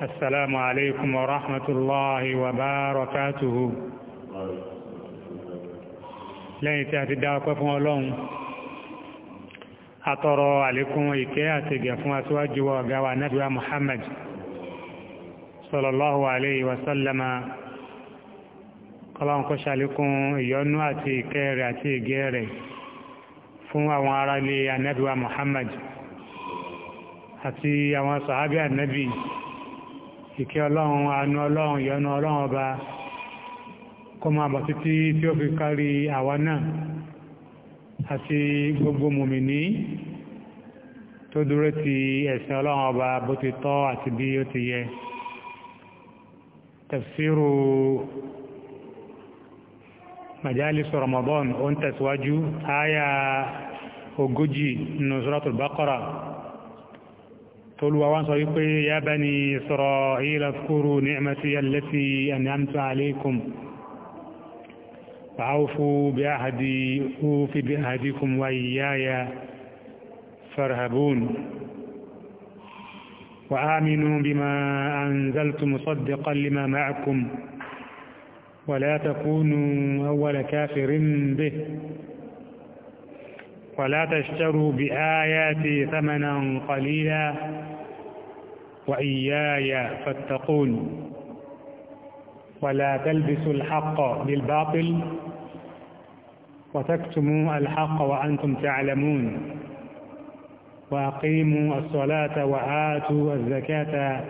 السلام عليكم ورحمة الله وبركاته لن تهتدى وقفوا لهم atọrọ àlékún ìkẹ́ àti ìgẹ̀ fún aṣíwájú wa ọ̀gá wa nábíwá Muhammad sallallahu alayhi wa sallama kọlọ́n kó ṣàlékún ìyọ́nú àti ìkẹ́ rẹ̀ àti ìgẹ́ rẹ̀ fún àwọn ará ilé anábíwá Muhammad àti àwọn sàhábí anábí ìkẹ́ ọlọ́run anú ọlọ́run ìyọ́nú ọlọ́run ọba kó máa bọ̀ títí tí ó fi kárí àwa náà àti gbogbo mùmìní tó dúró ti ẹ̀sìn ọlọ́run ọba bó ti tọ́ àti bí ó ti yẹ tafsiru majalis Ramadan ó ń tẹ̀síwájú áyà ogójì nínú Suratul تلوان صديق يا بني إسرائيل اذكروا نعمتي التي أنعمت عليكم فعوفوا بأهدي أوفي بأهديكم وإياي فارهبون وآمنوا بما أنزلت مصدقا لما معكم ولا تكونوا أول كافر به ولا تشتروا بآياتي ثمنا قليلا وإياي فاتقون ولا تلبسوا الحق بالباطل وتكتموا الحق وأنتم تعلمون وأقيموا الصلاة وآتوا الزكاة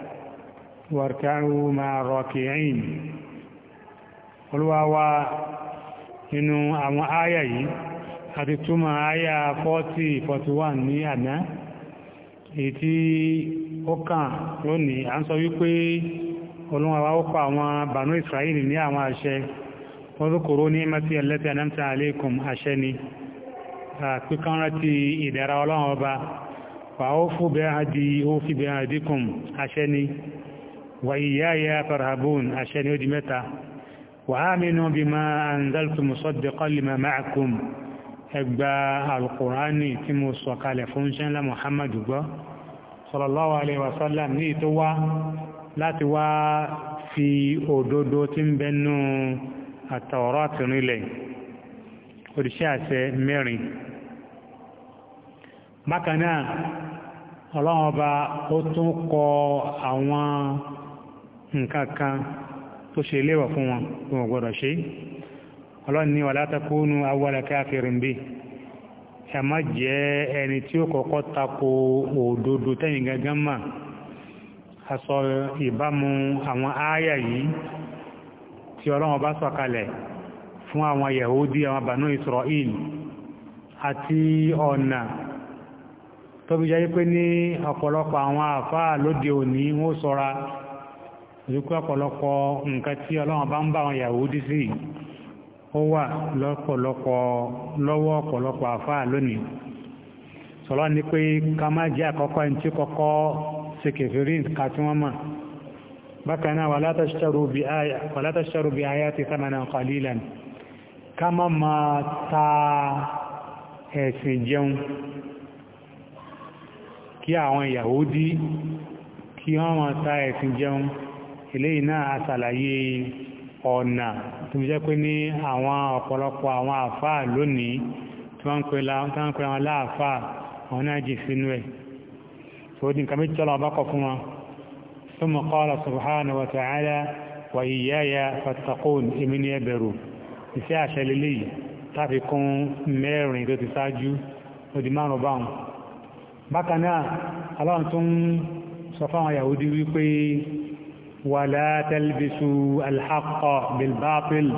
واركعوا مع الراكعين قل وهو إن آية àyà آية 40 41 إتي ó kàn lónìí à ń sọ wípé olóhùn àwa ó kọ àwọn bànú Israẹli ní àwọn àṣẹ orúkòrò ní mẹ́tí ẹlẹ́tẹ̀ anamta aleikum àṣẹ ni píkan rántí ìdára ọlọ́run ọba wà ó fún bẹ́ẹ̀ àdí mo sọ̀kalẹ̀ fún ṣẹ́ńlá Muhammadu gbọ́ sallallahu alaihi wasallam ní ìtó wá láti wá fi òdodo tí ń bẹnu àtàwọ̀rọ̀ àtìrìnlẹ̀ òdìṣẹ́ àṣẹ mẹ́rin bákanáà ọlọ́run ọba ó tún kọ àwọn nǹkan kan tó ṣe léwọ̀ fún wọn tó wọ́n ṣe ọlọ́run ní wala takunu awwala kafirin ẹ má jẹ́ ẹni tí ó kọ́kọ́ tako òdodo tẹ́yìn gangan mà a sọ ìbámu àwọn ááyà yìí tí ọlọ́run bá sọ̀kalẹ̀ fún àwọn yahudi àwọn bànú israel àti ọ̀nà tó bí jẹ́ pé ní ọ̀pọ̀lọpọ̀ àwọn àfáà lóde òní wọ́n sọ́ra ìrúkú ọ̀pọ̀lọpọ̀ nǹkan tí ọlọ́run bá ń bá àwọn yahudi sí ó wà lọ́pọ̀lọpọ̀ lọ́wọ́ ọ̀pọ̀lọpọ̀ àfáà lónìí sọ̀rọ̀ ni pé ká má jẹ́ àkọ́kọ́ ẹni tí kọ́kọ́ ṣe kèfèrí ká tí wọ́n mọ̀ bákan náà wala tashtaru bi ayati thamanan qalilan ká má ma ta ẹ̀sìn jẹun kí àwọn Yahudi kí wọ́n ma ta ẹ̀sìn jẹun eléyìí náà àṣàlàyé ọ̀nà tó jẹ́ pé ní àwọn ọ̀pọ̀lọpọ̀ àwọn àfáà lónìí tí wọ́n ń pè láwọn láàfáà àwọn náà jì sínú ẹ̀ tó dín kàmí tọ́lọ ọbákọ̀ fún wọn ثم قال سبحانه وتعالى وإياي فاتقون èmi ni ẹ bẹ̀rù iṣẹ́ àṣẹlélé tàfikún mẹ́rin tó ti sáájú òdì márùn báhùn bákan náà aláwọn wípé wàlá tẹ́lbisù alhaqqa bilbatil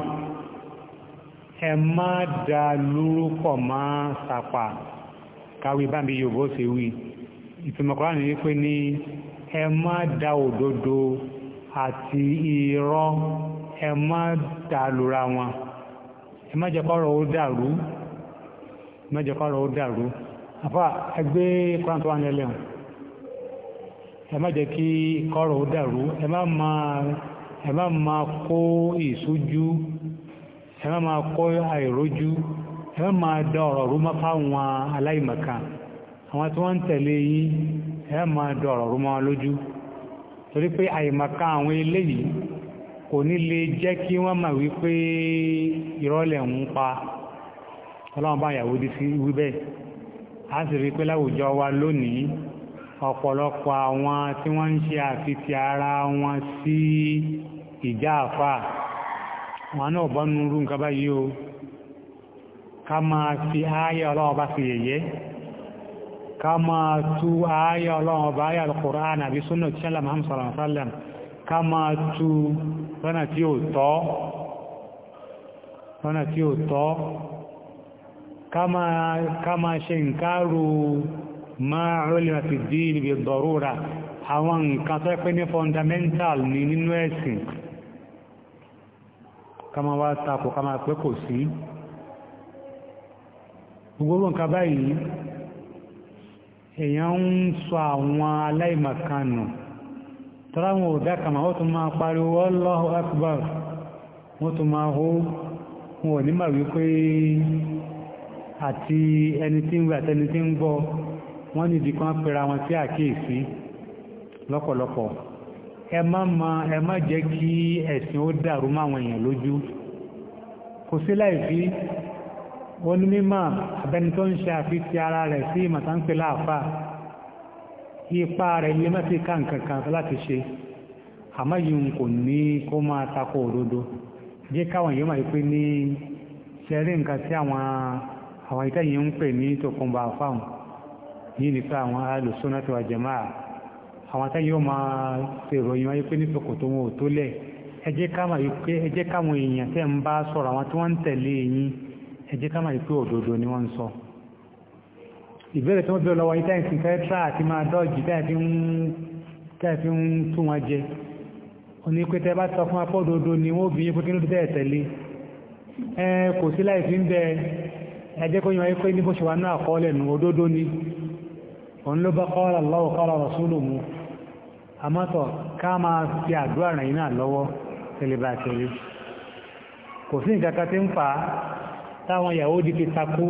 ẹ má da lórúkọ má sàpà káwí bá mi yòbó sí wí ìtùmọ̀kọ́lá ní wípé ní ẹ má da òdodo àti irọ́ ẹ má da lura wọn ẹ má jẹ́kọ́rọ̀ ó dàrú má jẹ́kọ́rọ̀ ó wà nílẹ̀ wọn ẹ má jẹ́ kí kọ́rọ̀ ó dàrú ẹ má máa ẹ má máa kó ìsújú ẹ má máa kó àìrójú ẹ má máa da ọ̀rọ̀ rú mọ́ fáwọn aláìmọ̀kan àwọn tí wọ́n ń tẹ̀lé yín ẹ má máa da ọ̀rọ̀ rú mọ́ wọn lójú torí pé àìmọ̀kan àwọn eléyìí kò ní lè jẹ́ kí wọ́n mà wípé ìrọ́lẹ̀ ń pa ọlọ́run bá yàwó di sí wíbẹ̀ á sì rí pé láwùjọ wa lónìí ọ̀pọ̀lọpọ̀ àwọn tí wọ́n ń ṣe àfitì ara wọn sí ìjà àfà wọn náà bọ́nu rú nǹkan báyìí o ká máa fi ààyè ọlọ́run bá fi yẹ̀yẹ́ ká máa tú ààyè ọlọ́run bá ààyè al-Qur'an àbí súnà tí sẹ́lá mahamud sallallahu alaihi wasallam ká máa tú lọ́nà tí ò tọ́ lọ́nà tí ò tọ́ ká máa ṣe nǹkan rú máa rọ́lẹ̀ àti díìlì bí dọ̀rúra àwọn nǹkan tó pé ní fundamental ní nínú ẹ̀sìn kama wá tapò kama pé kò sí gbogbo nǹkan báyìí èèyàn ń sọ àwọn aláìmọ̀kanù tọ́láwọn òdá kama ó tún máa pariwo Allahu Akbar wọ́n tún máa hó wọn ò ní màá wípé àti ẹni tí ń gbọ́ wọ́n ní ìdí kan pera wọn sí àkíyèsí lọ́pọ̀lọpọ̀ ẹ má ma ẹ má jẹ́ kí ẹ̀sìn ó dàrú máwọn èèyàn lójú kò sí láìfí onímọ̀ abẹni tó ń ṣe àfíti ara rẹ̀ sí ìmọ̀tánpé láàfà ipa rẹ̀ ilé mẹ́sì kàǹkankan láti ṣe àmọ́ yìí kò ní kó máa takò òdodo jẹ́ káwọn yóò máa pé ní ṣẹ́rí nǹkan sí àwọn àwọn ìtẹ́yìn ń pè ní tòkunbà fáwọn Ni nípa àwọn alùsọ́nà tó wà jẹ̀máà àwọn tá yóò máa ṣe ìròyìn wáyé pé nípa kò tó wọn ò tó lẹ̀ ẹ jẹ́ káwọn èèyàn tẹ́ ń bá sọ̀rọ̀ àwọn tí wọ́n ń tẹ̀lé yín ẹ jẹ́ káwọn ìpé òdodo ni wọ́n ń sọ ìbéèrè tó ń bẹ̀rẹ̀ lọ́wọ́ ìtẹ́ ìsìn fẹ́ tíra àti máa dọ́ọ̀jì tẹ́ẹ̀fí ń tún wọn kó yọ pé ní bó ṣe wà náà kọ́ lẹ́nu òdodo ni òun ló bá qala Allahu qala rasuluhu àmọ́tọ̀ ká máa fi àdúrà ràn yín náà lọ́wọ́ tẹlẹbà tẹlẹ kò sí nǹkan kan tí ń fà á táwọn Yahudi fi takú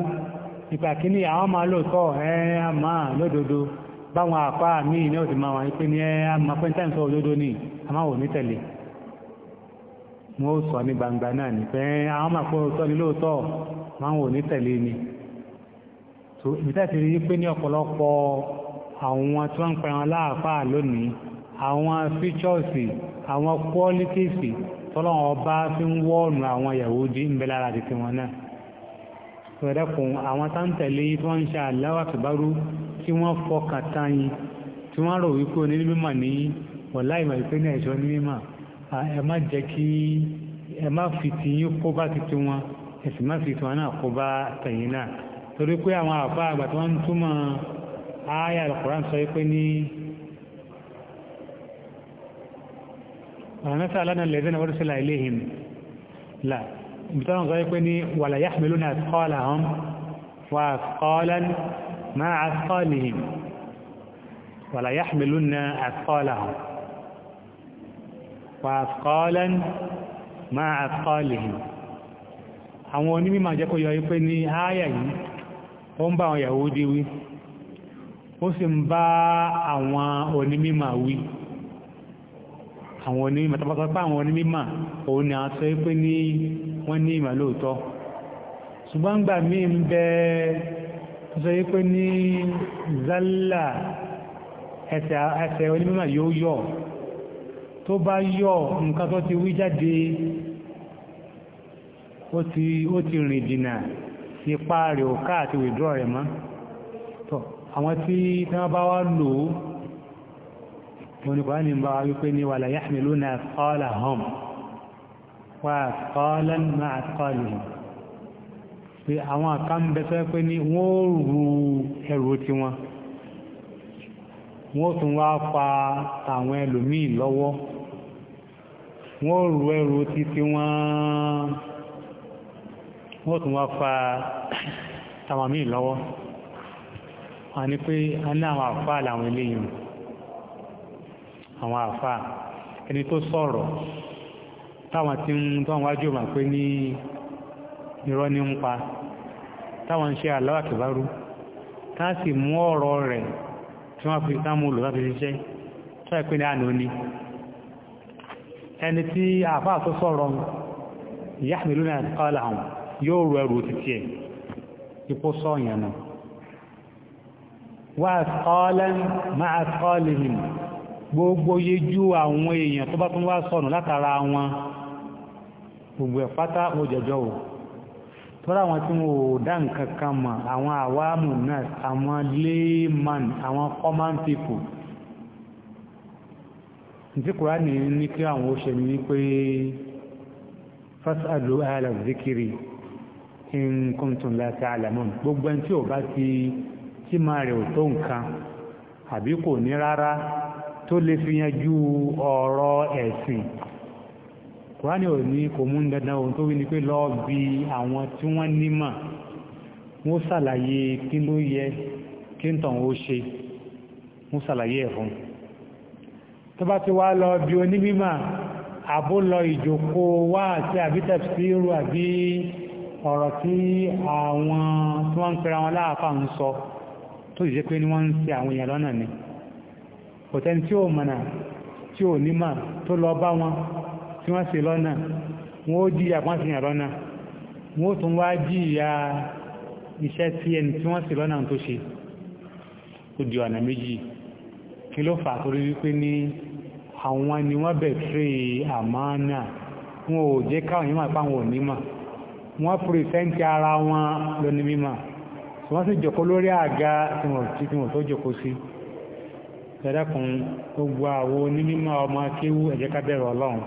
ìgbà kíní àwọn máa lóòótọ́ ẹ á máa lódodo báwọn àpá míì ní òsì máa wà pé ní ẹ pé ní táìmù sọ òdodo ní so ìbítà ti rí pé ní ọ̀pọ̀lọpọ̀ àwọn tí wọ́n ń pẹran láàfáà lónìí àwọn fíṣọ́ọ̀sì àwọn kwọ́lítìsì tọ́lọ́wọ́ bá fi ń wọ́ọ̀nù àwọn Yahudi ń bẹ lára títí wọn náà so ẹ̀dẹ́kùn àwọn táǹtẹ̀lé tí wọ́n ń ṣe àláwà tìbárú tí wọ́n fọkàn tán yìí tí wọ́n rò wípé onílé mímọ̀ ní wọ̀lá ìmọ̀ ìpé ní ẹ̀ṣọ́ ní mímọ̀ ẹ má jẹ́ kí ẹ má fi wọn náà kó bá tẹ̀yìn náà torí pé àwọn àfá àgbà tí wọ́n ń túmọ̀ ayà al-Qur'an sọ pé ní ọ̀nàmẹ́sà alánà lẹ́zẹ́nà orísìlá iléhìn là ìbítọ́nà sọ pé ní wala yahmiluna athqalahum wa athqalan ma'a athqalihim wala yahmiluna athqalahum wa athqalan ma'a athqalihim àwọn onímọ̀ jẹ́ yọ pé ní ayà yìí ó ń bá àwọn Yahudi wí ó sì ń bá àwọn onímímà wí àwọn onímímà tàbátà pé àwọn onímímà òun ni a sọ pé ní wọ́n ní ìmà lóòótọ́ ṣùgbọ́n gbà mí ń bẹ tó sọ pé ní zálà ẹsẹ̀ onímímà yóò yọ tó bá yọ nǹkan tó ti wí jáde ó ti rìn jìnnà ipá rẹ̀ ò ká àti withdraw rẹ̀ mọ́ tọ́ àwọn tí wọ́n bá wá lò ó wọn ni kọ́ni bá wá wípé ní wàlá yahmiluna àtọ́là hàn wà àtọ́là má àtọ́là pé àwọn àkàmbẹ́sẹ́ pé ní wọ́n rú ẹrù tiwọn wọ́n tún wá fa àwọn ẹlòmíì lọ́wọ́ wọ́n rú ẹrù títí wọ́n wọ́n tún wá fa àwọn míì lọ́wọ́ wọ́n ní pé a ní àwọn àfáà làwọn eléyìí àwọn àfáà ẹni tó sọ̀rọ̀ táwọn tí ń tọ́ wájú mà pé ní irọ́ ní ń pa táwọn ń ṣe aláwàkìbárú ká sì mú ọ̀rọ̀ rẹ̀ tí wọ́n fi sámú olùbáfi ṣiṣẹ́ tó ẹ̀pẹ́ ní àná ní ẹni tí àfáà tó sọ̀rọ̀ yahmiluna àti kọ́lá àwọn yóò rọ ẹrù títí ẹ̀ ipò sọ́ọ̀yàn náà wà gbogbo yẹjú àwọn èèyàn tó bá tún wá sọ̀nù látara wọn gbogbo ẹ̀ pátá jẹjọ́ o dan wọn tí wọ́n dá nǹkan kan mọ̀ àwọn àwámù náà àwọn layman àwọn common people tí kùránì ní kí àwọn ó ṣe ní pé in kuntum la ta'lamun gbogbo ẹni tí ò bá ti tí máa rẹ̀ ò tó nǹkan àbí kò ní rárá tó lè fi yanjú ọ̀rọ̀ ẹ̀sìn kùránì ò ní kò mú dandan ohun tó wí ni pé lọ́ọ́ bi àwọn tí wọ́n nímọ̀ wọ́n ṣàlàyé kí ló yẹ kí n tàn ó ṣe wọ́n ṣàlàyé ẹ̀ fún tó bá ti wá lọ bí onímọ̀ àbó lọ ìjòkó wá àti àbí tafsiru àbí ọ̀rọ̀ tí àwọn tí wọ́n ń pẹ́ra wọn láàfà ń sọ tó jẹ́ pé ní wọ́n ń ṣì àwọn èèyàn lọ́nà ni kò tẹ́ni tí ó mọ̀nà tí ò nímà tó lọ bá wọn tí wọ́n ṣì lọ́nà wọ́n ó jíyà pọ́n sí lọ́nà wọ́n ó tún wá jíyà iṣẹ́ tí ẹni tí wọ́n ṣì lọ́nà tó ṣe ó di ọ̀nà méjì kí ló fà torí wípé ní àwọn ni wọ́n bẹ̀ fẹ́ àmánà wọn ò jẹ́ káwọn yìí máa pa àwọn ò nímà wọ́n pìrìsẹ́ntì ara wọn lóní mímọ̀ wọ́n sì jòkó lórí àga tí wọ́n tó jòkó sí ẹ̀dẹ́kùn gbogbo àwo ní mímọ̀ ọmọ kéwú ẹ jẹ́ ká bẹ̀rù ọlọ́run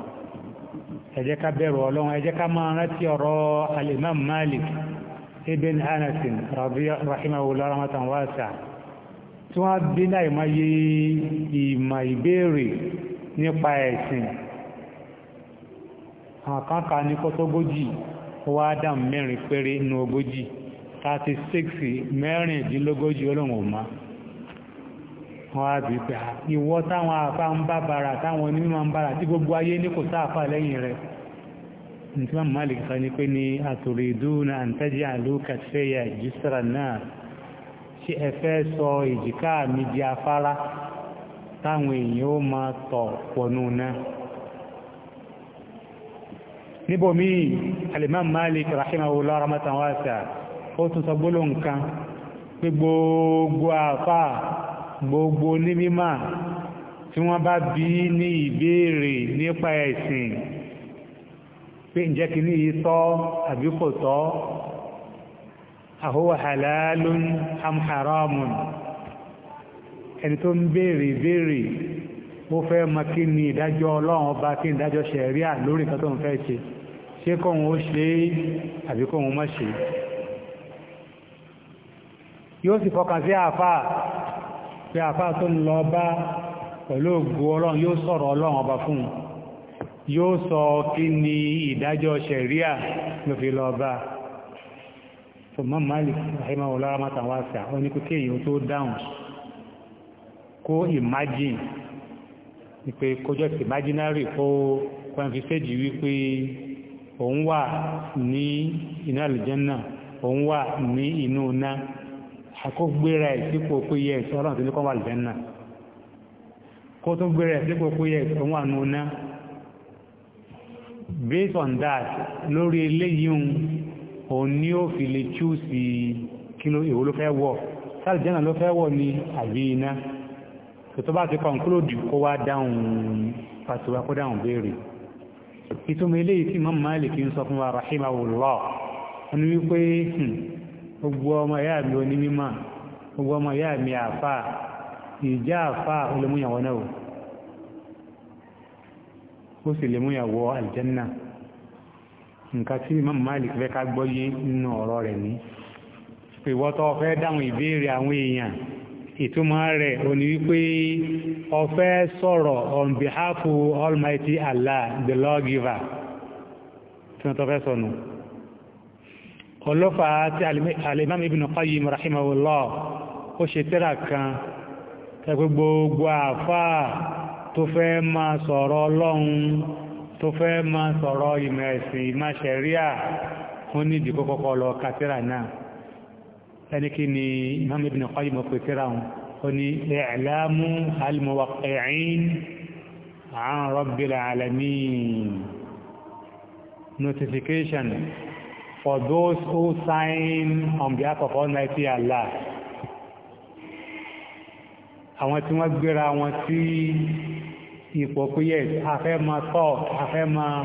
ẹ jẹ́ ká bẹ̀rù ọlọ́run ẹ jẹ́ ká máa rántí ọ̀rọ̀ alimam malik ibn anasin rahimahullah wá dáhùn mẹ́rin péré nínú ogójì thirty six mẹ́rìndínlógójì olóhùn ọ̀ma wọ́n á bí pé ìwọ táwọn àfa ń bá bàrà táwọn onímọ̀ ń bàrà tí gbogbo ayé ní kò sáàfà lẹ́yìn rẹ̀ ní tí wọ́n máa lè sọ ní pé ní àtòrídúnà àǹtẹ́jẹ́ àlókàṣẹ́yà ìjísàrà náà ṣe ẹ sọ èjìká mi di afárá táwọn èèyàn ó máa tọ̀ pọ̀nù náà níbòmí alimam malik rahimahullah rahmatan wasi'a ó tún sọ gbóló nǹkan pé gbogbo àfà gbogbo onímímà tí wọ́n bá bí ní ìbéèrè nípa ẹ̀sìn pé ǹjẹ́ kí ní ìtọ́ àbí kò tọ́ àhúwà halalun am ẹni tó ń béèrè béèrè mo fẹ́ mọ kí ni ìdájọ́ ọlọ́run ọba kí ni ìdájọ́ ṣẹ̀ríà lórí nǹkan tó ń fẹ́ ṣe ṣé kóun ó ṣe é àbí kóun má ṣe é yóò sì fọkàn sí àáfàá pé àáfàá tó ń lọ bá pẹ̀lú ògo ọlọ́run yóò sọ̀rọ̀ ọlọ́run ọba fún un yóò sọ kí ni ìdájọ́ ṣẹ̀ríà ló fi lọ bá ṣùgbọ́n Malik ahima ọlọ́run mátàwáṣà ó ní kó kéèyàn tó dáhùn kó imagine ni pé kójọ́ ti imaginary kó kwanfisẹ́jì wípé òun wà ní iná àlùjànnà òun wà ní inú iná àkógbéra ẹ̀ sípò pé yẹ ẹ̀sọ́ ọlọ́run tó ní kọ́ wà àlùjànnà kó tó gbéra ẹ̀ sípò pé yẹ ẹ̀sọ́ wà nínú iná based on that lórí eléyìí òun ni ó fi lè chúùsì kí ló èwo ló fẹ́ wọ̀ sáàlùjànnà ló fẹ́ wọ̀ ní àbí iná tó bá ti kọ̀nkúlòdì kó wá dáhùn fàtíwá kó dáhùn béèrè ìtumọ̀ ilé tí Imam Malik ń sọ fún wa rahimahullah wọn ni wípé hmm, gbogbo ọmọ ìyá mi onímímọ̀ gbogbo ọmọ ìyá mi àfà ìjà àfà olómúyàwó náà ó sì lè múyàwó aljanna nǹkan tí Imam Malik fẹ́ ká gbọ́yé nínú ọ̀rọ̀ rẹ̀ ní pé wọ́tọ́ fẹ́ dáhùn ìbéèrè àwọn èèyàn ìtumọ̀ rẹ̀ ó ní wípé ó fẹ́ sọ̀rọ̀ on behalf of almighty allah the lawgiver tí wọ́n tó fẹ́ sọnù ọlọ́fà tí alimam ibn qayyim rahimahullah ó ṣe tẹ́rà kan tẹ́gbẹ́ gbogbo àfáà tó fẹ́ máa sọ̀rọ̀ ọlọ́run tó fẹ́ máa sọ̀rọ̀ ìmọ̀ ní ìdíkọ́kọ́kọ́ lọ kàtẹ́rà náà ẹni kí ni imam ibn qayyim ọ̀pẹ̀ tíra wọn ó ní i'lamu al-muwaqqi'in an rabbil notification for those who sign on behalf of almighty allah àwọn tí wọ́n gbéra wọn sí ipò péye afẹ́ máa talk afẹ́ máa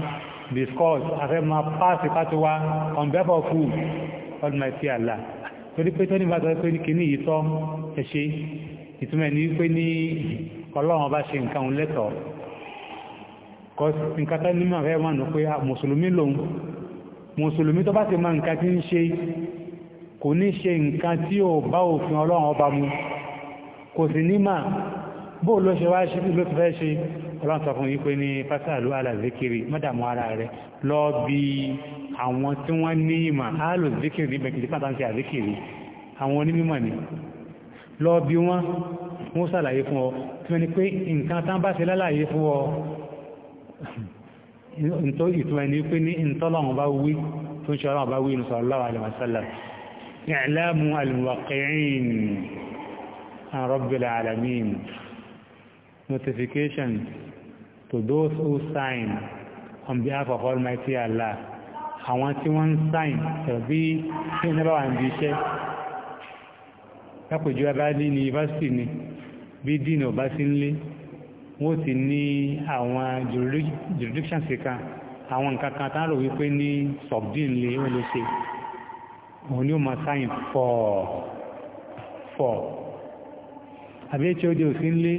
discuss afẹ́ máa pass ipá tiwa on behalf of who almighty allah torí pé tẹ́ni bá sọ pé kìíní yìí tọ́ ẹ ṣe ìtumọ̀ ní wípé ní ọlọ́run bá ṣe nǹkan òun lẹ́tọ̀ọ́ kọ́ nǹkan tẹ́ ní màá fẹ́ wà nù pé mùsùlùmí lòun mùsùlùmí tó bá ti máa nǹkan tí ń ṣe kò ní ṣe nǹkan tí ò bá òfin ọlọ́run ọba mu kò sì ní mà bó ló ṣe wá ló ti fẹ́ ṣe ọlọ́run sọ fún yí pé ní pásálù alàzékiri mọ́dàmú ara rẹ̀ lọ bí àwọn tí wọ́n ní ìmọ̀ áàlù zikiri bẹ̀kìtì pàtàkì àzikiri àwọn onímọ̀ ni lọ bí wọ́n wọ́n sàlàyé fún ọ tí wọ́n ni pé nǹkan tán bá ṣe lálàyé fún ọ ìtumọ̀ ni pé ní ìtọ́lọ́wọ́n bá wí tó ń ṣe ọlọ́wọ́n bá wí ní sallallahu alaihi wasallam i'lamu al-muwaqqi'in an ah, to those who sign on behalf of Almighty Allah àwọn tí wọ́n ń sáìn tàbí tí wọ́n bá wà ń bí iṣẹ́ lápòjú bá ní yunifásitì ni bí dínà bá sí ń lé wọ́n ti ní àwọn jurisdiction síkà àwọn nǹkan kan tán rò wípé ní subdin lè wọ́n lè ṣe òun ni ó máa sáìn fọ́ àbí hod ò sí ń lé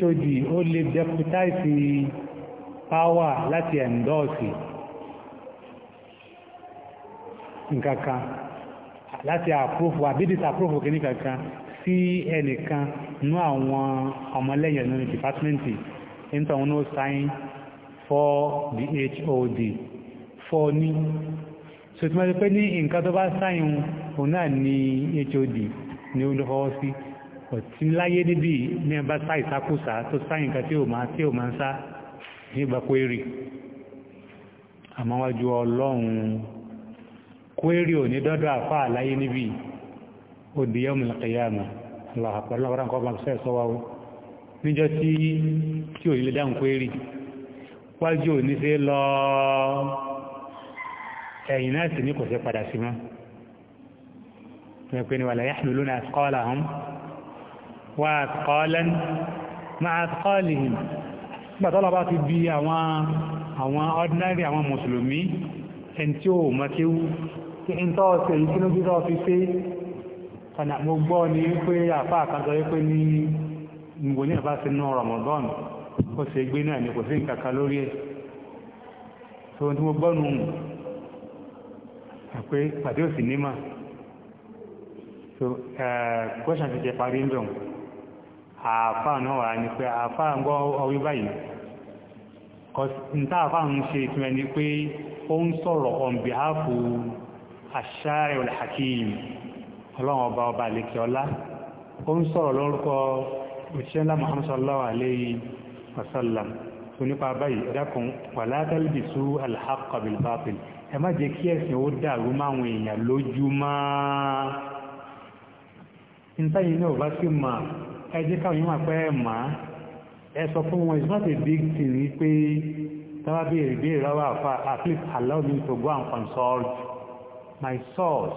hod ó lè deputize power láti endorse nkankan láti àprófù àbí disaprófù kìíní kankan sí ẹnìkan nú àwọn ọmọlẹ́yìn nínú dìpátímẹ́ǹtì nítorí wọn ó sáyìn for the HOD for ní so tí wọ́n ti pé ní nǹkan tó bá sáyìn òun náà ní HOD ní olùfọwọ́ sí ọ̀tí láyé níbi ní ẹbá sá ìsákúsá tó sáyìn nǹkan tí ò máa tí ò máa ń sá nígbà pé rí àmọ́wájú ọlọ́run kwérì òní dọ́dọ̀ àfá àláyé níbi òdìyàn mìlàkìyàmà aláàpàlọ́wọ́rán kọ́ máa sẹ́ẹ̀sọ́ wá ó níjọ́ tí tí òní lè dáhùn kwérì wájú òní sí lọ ẹ̀yìn náà sì ní kò sí padà sí mọ́ ẹ̀pẹ́ ni wà láyé àlùlù náà kọ́ọ̀lá hàn wà kọ́ọ̀lán máa kọ́ọ̀lì hìn gbàtọ́lọ́ bá ti bí àwọn ordinary àwọn mùsùlùmí ẹni tí ó mọ́ kéwú kí n tọ́ ọ̀sẹ̀ yìí kí ló gbígbọ́ fi pé ọ̀nà mo gbọ́ ni pé àfá àkàndọ̀ wípé ní ìwò ní àbá sí náà Ramadan ó sì gbé náà ní kò sí nǹkan kan lórí ẹ̀ tó tí mo gbọ́ nù pé pàdé òsì nímà so question ti jẹ parí ń dùn àfá náà wà ní pé àfá ń gbọ́ ọwí báyìí kọ́sí ní tá àfá ń ṣe ìtumẹ̀ ni pé ó ń sọ̀rọ̀ on behalf of àṣàrẹ̀ olùhàkìm ọlọ́run ọba ọba àlèkè ọlá ó ń sọ̀rọ̀ lórúkọ òṣìṣẹ́lá Muhammad sallallahu alayhi wa sallam tó nípa báyìí ẹ̀dákun wala talbisu al-haqqa bil-batil ẹ má jẹ́ kí ẹ̀sìn ó dàrú máwọn èèyàn lójú máa ntáyìn náà bá sí mà ẹ jẹ́ fún wọn it's not a big thing wípé tábàbí èrè bí èrè lọ́wọ́ àfa at least allow me to go my source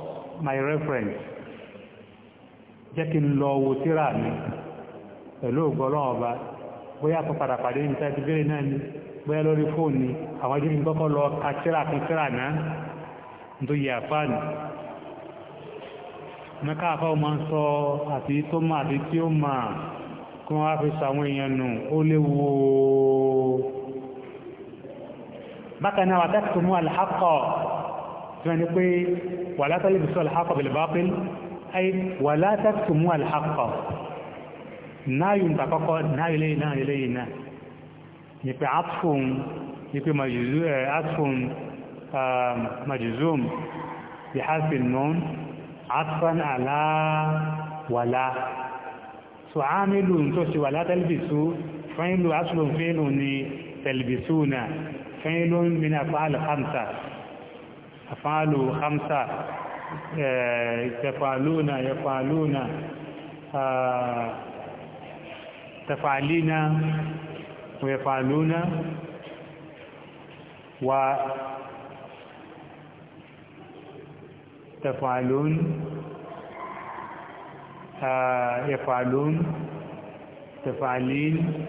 my reference jẹ́ kí n lọ wo tírà mi pẹ̀lú ògbọ́lọ́ ọba bóyá kó padà pàdé ní tẹ́tí bèrè náà ni bóyá lórí fóònù ni àwọn ẹjọ́ mi kọ́kọ́ lọ ka tírà kan tírà náà nítorí yẹ àfáàní mẹ́ká àfáà máa ń sọ àti tó máa àti tí ó máa kí wọ́n wá fi sọ àwọn èèyàn nù ó léwu ooo bákan náà wà mú àlàkọ́ tí wọ́n ni pé wala talbisu al-haqqa bil-batil ay wala taktumu al-haqqa náàyù ń takọ́kọ́ náàyù lẹ́yìn náà lẹ́yìn náà ni pé atfun ni pé eh, atfun um, majzum bi harfin nun atfan ala wala so ámìlù tó ṣe wala talbisu fẹ́ìlú aslun fẹ́ìlú ni talbisuna fẹ́ìlú min af'al khamsa أفعال خمسة آه، يفعلون يفعلون آه، تفعلين ويفعلون و تفعلون آه، يفعلون تفعلين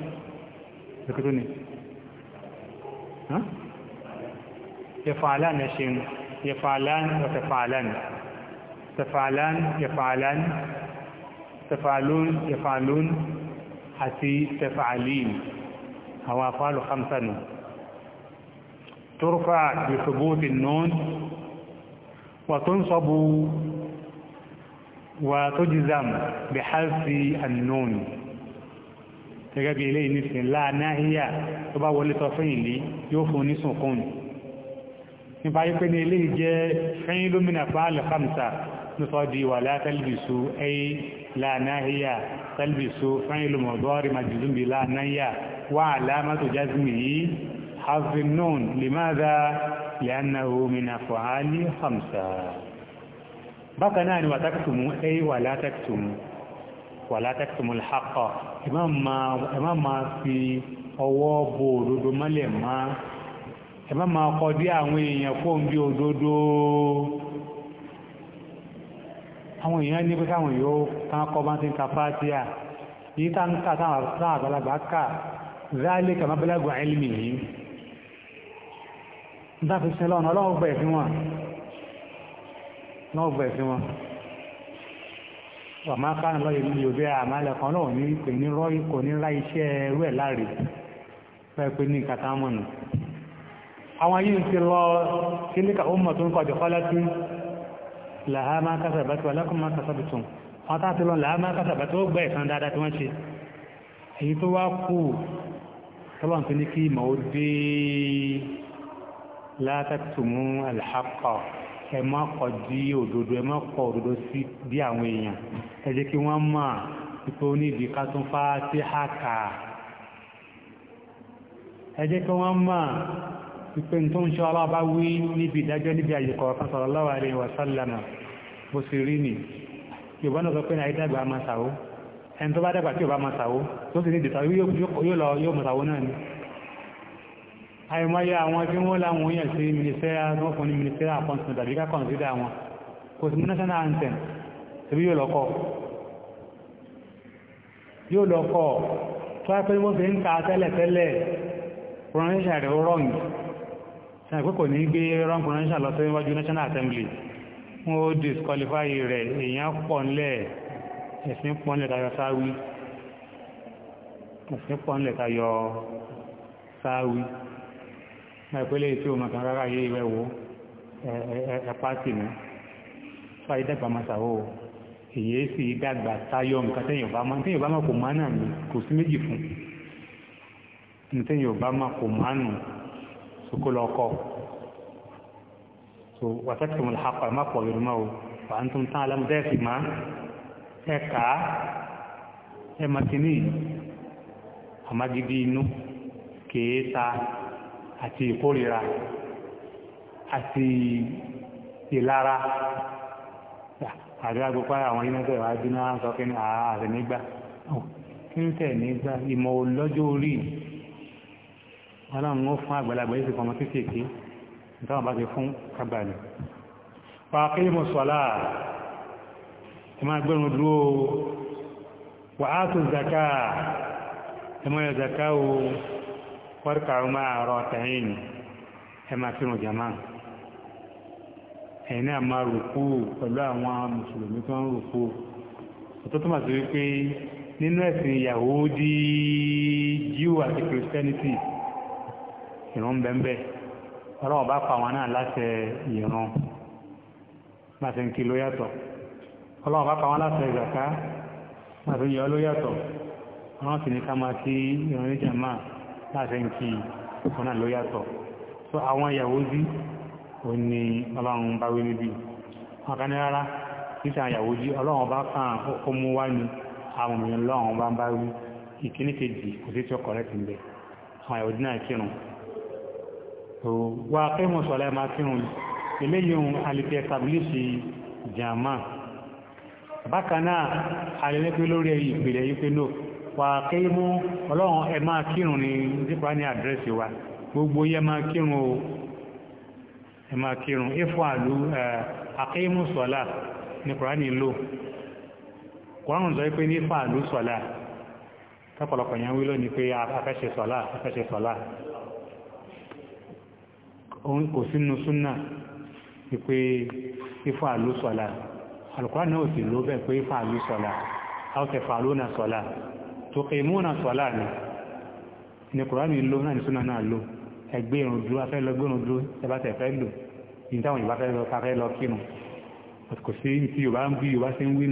ذكرتوني ها يفعلان شيء يفعلان وتفعلان تفعلان يفعلان تفعلون يفعلون حتي تفعلين هو أفعال خمسة ترفع بثبوت النون وتنصب وتجزم بحذف النون تجابي إليه نسم لا ناهية تبا ولتفين لي يوفو نسم قوني nípa yí pé ní ilé jẹ́ fẹ́yìn lómìnà fáàlì hamsa nípa di wà látàlbìsú ẹyí lánàáhíyà tàlbìsú fẹ́yìn lómọ̀dọ́rì majìlúmbi lánàáyà wà alámàtò jazmi yìí hazinun limáza lẹ́annahu mina fáàlì hamsa bákan náà ni wà tàkùtùmù ẹyí wà látàkùtùmù wà látàkùtùmù lẹ́hàkọ̀ ẹ má ma fi ọwọ́ bo òdodo mọ́lẹ̀ máa ẹ má máa kọ dí àwọn èèyàn fóun bí òdodo àwọn èèyàn ní pé káwọn yóò kán kọ́ bá ti ń ka fátíà yìí tá ń kà táwọn àgbàlagbà kà záálé kàmá bẹ́lẹ́gùn ẹlìmì yìí ń bá fi sin lọ́nà ọlọ́wọ́ gbẹ̀ fún wọn lọ́wọ́ gbẹ̀ fún wọn ọ̀má kánà lọ́yẹ̀ ní yorùbá àmàlẹ̀ kan náà ní kò ní rọ́ kò ní rá iṣẹ́ ẹrú ẹ̀ láre àwọn yìí ti lọ tilka ummatun qad khalat laha ma kasabat wa lakum ma kasabtum wọ́n tàbí lọ laha ma kasabat ó gbẹ́ ìsan dáadáa tí wọ́n ṣe èyí tó wá kú tọ́lọ̀n tó ní kí wọ́n mọ̀ wípé tó ń ṣe ọlọ́ọ̀bá wí níbi ìdájọ́ níbi àyíkọ̀ sallallahu alaihi wa sallam bó sì rí nì yorùbá náà sọ pé náà ìdàgbà máa sàwó ẹni tó bá dàgbà tí ò bá máa sàwó tó sì ní ìdìtà yóò lọ yóò mọ̀ sàwó náà ni àìmọye àwọn tí wọ́n láwọn yẹ̀ sí ministerial wọ́n fún ní ministerial appointment tàbí ká consider wọn kò sí national anthem tàbí yóò lọ́kọ̀ yóò lọ́kọ̀ tó wá pé wọ́n fi ń ka tẹ́lẹ̀tẹ́lẹ̀ pronunciation rẹ̀ ó rọ̀ǹgì ṣàpẹ́ kò ní gbé wrong pronunciation lọ síwájú national assembly wọ́n ó disqualify rẹ̀ èèyàn pọ̀ ńlẹ̀ ẹ̀sìn pọ̀ ńlẹ̀ tayọ sáwí ẹ̀sìn pọ̀ ńlẹ̀ tayọ sáwí ẹ̀pẹ́lẹ̀ tí o mọ̀ kan rárá yé ìwẹ̀ wo ẹ̀pátì ní fáyé dàgbà masàwò èyí sì dàgbà tayọ nǹkan tẹ́yìn ọba máa tẹ́yìn ọba máa kò máa sukuu loo so wàtẹ́kì mọ̀ lọ́kọ́ ẹ̀ má pọ̀ yorùbá mọ́ talam wà á tún tán alámú bẹ́ẹ̀ sì má ẹ kà á ẹ má ti ní àmágídí inú kèéta àti ìkórira àti ìlara àdúrà gbogbo àwọn iná tẹ̀ wá bí sọ kí ni àárẹ̀ nígbà kí ni tẹ̀ nígbà ìmọ̀ olọ́jọ́ orí ọlọ́run ó fún àgbàlagbà yìí sí fọmọ kéékèèké nítawọn bá ti fún àgbà ni wà á kéyìmọ̀ sọ́lá ẹ máa gbẹ̀rún dúró wà á tó zaka ẹ máa yọ zaka o wọ́ríkà ó máa rọ tẹ̀yìn ẹ máa fi rùn jàmá ẹ̀yìn náà máa rùkú pẹ̀lú àwọn mùsùlùmí tó ń rùkú ọ̀tọ́ tó máa sọ wípé nínú ẹ̀sìn ìrun bẹ́ẹ̀ ọlọ́wọ́ bá pa àwọn náà láṣẹ ìrun bá ṣe ń kí ló yàtọ̀ ọlọ́wọ́ bá pa àwọn láṣẹ ìgbàká bá ṣe ń yọ ló yàtọ̀ àwọn sì ní ká máa kí ìrun ní jàmá láṣẹ ń kí ìrun náà ló yàtọ̀ so àwọn Yahudi ò ní ọlọ́run bá wí níbi wọn kàn ní rárá títà Yahudi ọlọ́run bá kàn ó mú wá ni àwọn ènìyàn lọ́run bá ń bá wí ìkíní kejì kò sí tí ó kọ̀rẹ́ ti ń bẹ àwọn Yahudi náà kírun tó wá kẹ́mù sọ̀lá ẹ̀ máa kírun eléyìí alìtì ẹ̀tàbílìsì jàmá bákan náà alẹ́lẹ́pẹ́ lórí ìpìlẹ̀ yìí pé náà wà kẹ́mù ọlọ́run ẹ̀ máa kírun ní zipra o àdírẹ́sì wa gbogbo yẹ máa kírun o ẹ máa kírun ifọ̀ àlú àkẹ́mù sọ̀lá ní kùránì lò kùránì sọ pé ní ifọ̀ àlú sọ̀lá tọ́pọ̀lọpọ̀ yẹn wí lónìí pé afẹ́ṣe sọ̀lá afẹ́ṣe sọ̀lá òun kò sínú súnà wípé ifá àlú sọ̀la alukóran náà sì ló bẹ́ẹ̀ pé ifá àlú sọ̀la áwọ̀tẹ̀ fàálù náà sọ̀la tó kè mú náà sọ̀la ni ní kùránì ló náà ní súnà náà lò ẹgbẹ́ irun dúró afẹ́ lọ gbẹ́run dúró ẹbá tẹ̀ fẹ́ lò ní táwọn ìbá fẹ́ lọ fẹ́ lọ kírun kò sí tí yorùbá ń bí yorùbá sí ń wí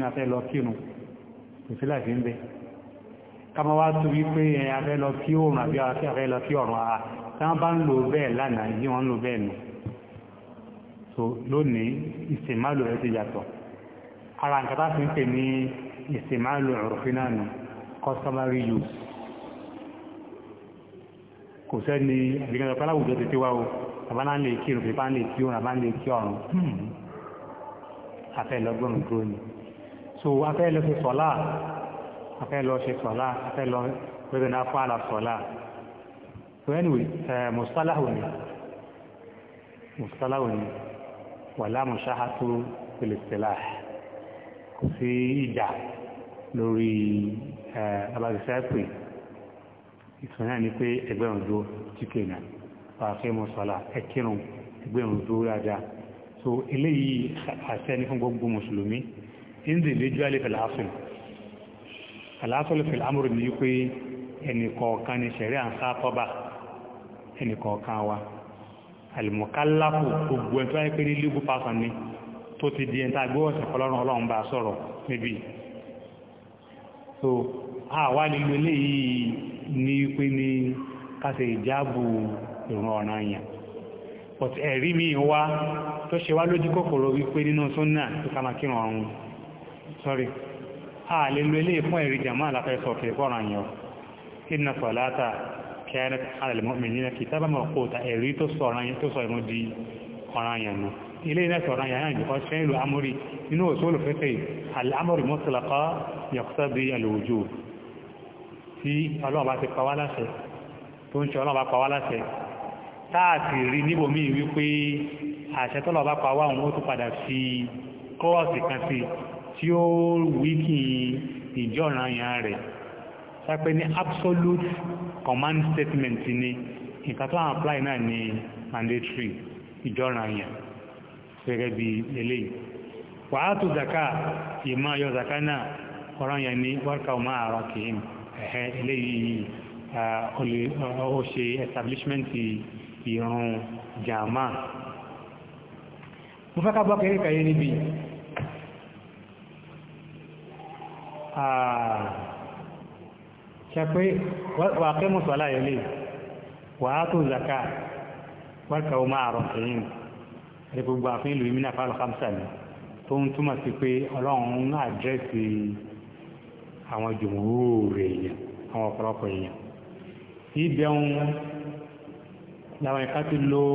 náà tí wọ́n bá ń lò bẹ́ẹ̀ lánàá yí wọ́n ń lò bẹ́ẹ̀ nù so lónìí ìsèmálò rẹ̀ ti yàtọ̀ ara nǹkan tá fi ń pè ní ìsèmálò òrùfin náà nù customary use kò sẹ́ni àbíkan ìjọba aláwùjọ ti ti wá o bàbá náà lè kírun bàbá lè kí òrùn bàbá lè kí ọ̀run hmm. afẹ́ lọ́gbọ̀n dúró ni so afẹ́ lọ ṣe sọ̀lá afẹ́ lọ ṣe sọ̀lá afẹ́ lọ wẹ́gbẹ̀ná fún àlà sọ̀lá so anyway mùsálàhù ni mùsálàhù ni wà lámùsáhàtú pèlèsèlà kò sí ìjà lórí uh, abàgbèsè pè ìtàn náà ni pé ẹgbẹ̀rún dúró tíkè náà fàáfẹ́ mọ́sọ́lá ẹkírun ẹgbẹ̀rún dúró dáadáa so eléyìí àṣẹ ní fún gbogbo mùsùlùmí individually fẹ̀láfún aláfẹ́lẹ́fẹ̀lẹ́ amúrò ní wípé ẹnìkọ̀ọ̀kan ni ṣẹ̀rí à ń sá tọ́ba ẹnìkọ̀ọ̀kan wa alìmọ̀kálápò gbogbo ẹ̀tọ́ ẹ̀pẹ́ ní ni tó ti di ẹ̀ntà gbé ọ̀sẹ̀ kọlọ́run ọlọ́run bá sọ̀rọ̀ níbi so àwa nílò ní pé ní kásẹ̀ ìjáàbù ìrun ọ̀ràn yẹn but ẹ̀rí mi wá tó ṣe wá lójú kòkòrò wípé nínú tó ká máa kírun ọ̀run sorry a lè lo fún ẹ̀rí jàmáà láfẹ́ sọ̀kẹ̀ fọ́ràn kanat ala al-mu'minina kitaban mawquta ẹ̀rí tó sọ ìmú di ọ̀ràn yẹn nù ilé iná sọ̀rọ̀ yẹn náà jùkọ́ ṣe ń lo amúrí nínú òṣòlù fẹ́fẹ́ al'amúrí mọ́sílẹ̀kọ́ yọ̀kọ́sọ́ bí alòjò tí ọlọ́ọ̀bá ti pa wá láṣẹ tó ń ṣe ọlọ́ọ̀bá pa wá láṣẹ táàtì rí níbòmí wípé àṣẹ tọ́lọ́ọ̀bá pa wá òun ó tún padà fi kọ́ọ̀sì kan sí tí ó wí kí ìjọ́ràn yẹn rẹ̀ sápẹ́ ní absolute command statement ni nǹkan tó apply náà ni mandatory ìjọ́ranyàn gẹ́gẹ́ bí eléyìí wàhátù zaka ìmọ̀ ayọ̀ zaka náà ọ̀ranyàn ni wọ́rkà ọmọ àrọ̀ kìíní ẹ̀hẹ́ eléyìí ó ṣe establishment ìrun jàmá mo fẹ́ ká bọ́ kẹ́kẹ́ kàyé níbi ṣe pé wà pé mùsùlá yìí lè wà á tó zaka wà kà ó máa rọ̀ kẹ́yìn ẹ̀ gbogbo àfin ìlú ìmínà fáwọn hamsa ni tó ń túmọ̀ sí pé ọlọ́run ń àdírẹ́sì àwọn jòmòrò èèyàn àwọn ọ̀pọ̀lọpọ̀ èèyàn ìbẹ̀un làwọn ìka ti lo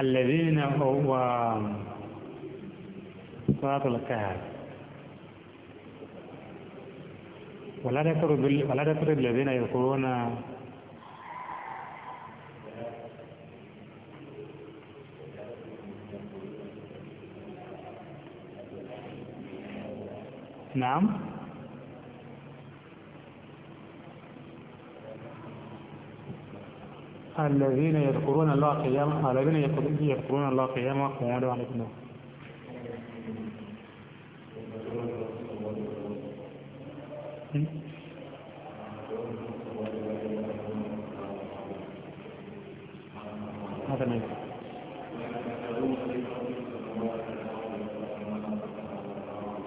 alẹ́dínà ọwọ́ sọ́rọ́tọ̀lọ́kàá ولا تطرد ولا تطرد الذين يذكرون نعم الذين يذكرون الله قياما الذين يذكرون الله قياما وقعودا وعلى هذا ما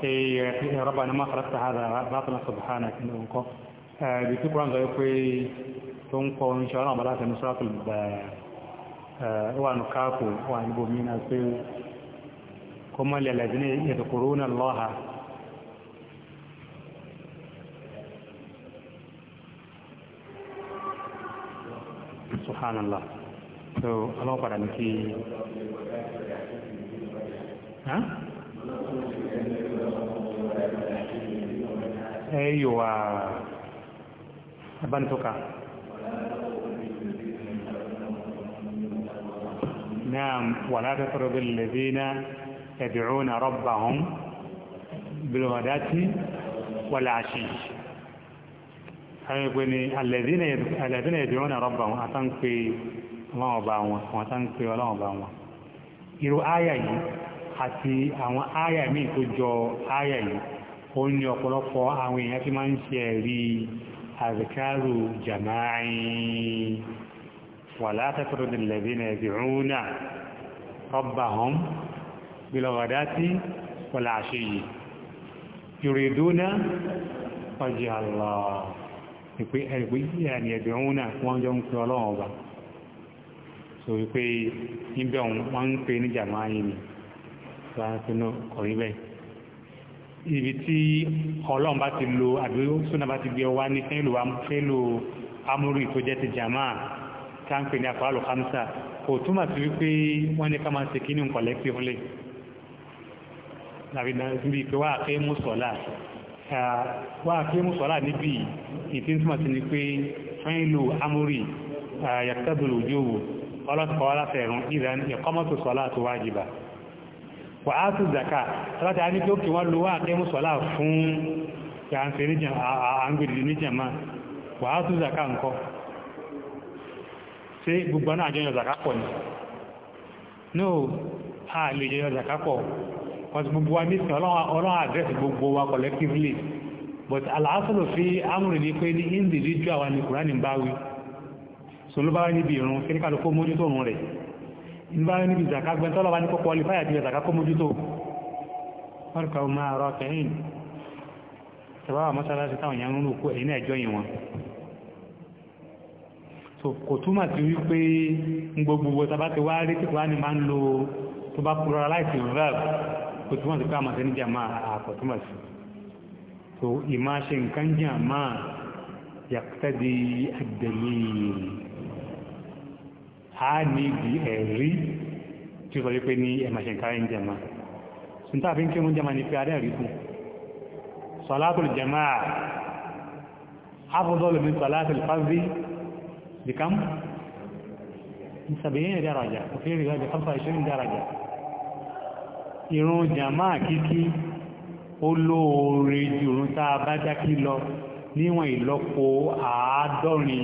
إيه، يقول يا رب أنا ما خرجت هذا باطلا سبحانك نقول آه، بيتبرا غيكوي تنقو إن شاء الله بلاك نسرات آه، ونكاكو ونبو مينا سيو كما للذين يذكرون الله subhanallah so ọlọ́wọ́ padà ní kí ẹ̀yọ̀wà abánitọ́ka نعم ولا تطرد الذين يدعون ربهم بالغداة والعشي àwọn ìpè ní alẹ́dínà ìdúrónà rọ́bà wọn àtàn pé ọlọ́wọ́n bá wọn àwọn àtàn pé ọlọ́wọ́n bá wọn irú áyà yìí àti àwọn áyà míì tó jọ áyà yìí ó ní ọ̀pọ̀lọpọ̀ àwọn èèyàn fi máa ń ṣe ẹ̀rí àzìkárù jàmáì wàlá tẹ́fẹ́rẹ́ Allah wípé ẹ̀rìgbé yìí àní ẹ̀bẹ̀ òun náà wọ́n jọ ń pè ọlọ́run ọba so wípé níbẹ̀ wọ́n ń pè ní jàmáà yìí ni tó á pinnu kọ̀rí bẹ́ẹ̀ ibi tí ọlọ́run bá ti lo àbí súnà bá ti gbé ọwá ní fẹ́lò fẹ́lò amúrì tó jẹ́ ti jàmáà tá ń pè ní àfàlù hamsa kò túmọ̀ sí wípé wọ́n ní ká máa ṣe kí ní nǹkan ọ̀lẹ́ wá kí mú sọ́lá níbi ìtí túnmọ̀ sí ni pé fẹ́ńlò amúrì yàtẹ́bùlù òjòwò ọlọ́tọ̀kọ́ látẹ̀rún ìrìn ìkọ́mọ́tò sọ́lá tó wájìbà wà á tún zaka aláta ní tó kí wọ́n lo wá kí mú sọ́lá fún àǹgbèrè níjàmá wà á tún zaka nǹkan ṣe gbogbo náà jẹ́ yọ zaka pọ̀ ni no a lè jẹ́ yọ zaka pọ̀ wọ́n ti gbogbo wa ní ìsìn ọlọ́run àdírẹ́sì gbogbo wa collectively but aláàsọ̀lọ̀ fi amúrin ní pé ní individual wa ní kùránì bá wí so ló bá wá níbi ìrún kí ní kàlùkó mójútó òun rẹ̀ ní bá wá níbi ìzàká ní ìzàká kó mójútó kò túmọ̀ sí pé àmọ̀ sí ní jàmá àkọ́ túmọ̀ sí so ìmá ṣe nǹkan jàmá yàtọ̀dí àdẹ̀lì a ní ibi ẹ̀rí tí ó sọ wípé ní ẹ̀mà ṣe nǹkan jàmá sùntà fi ń kí wọn jàmá ní pé adé rí fún sọlátùl jàmá afdal min salatil fardhi bikam 70 درجة 25 درجة ìrun jàmá kíkí ó lóore ju ìrun tá a bá jákí lọ níwọ̀n ìlọ́po àádọ́rin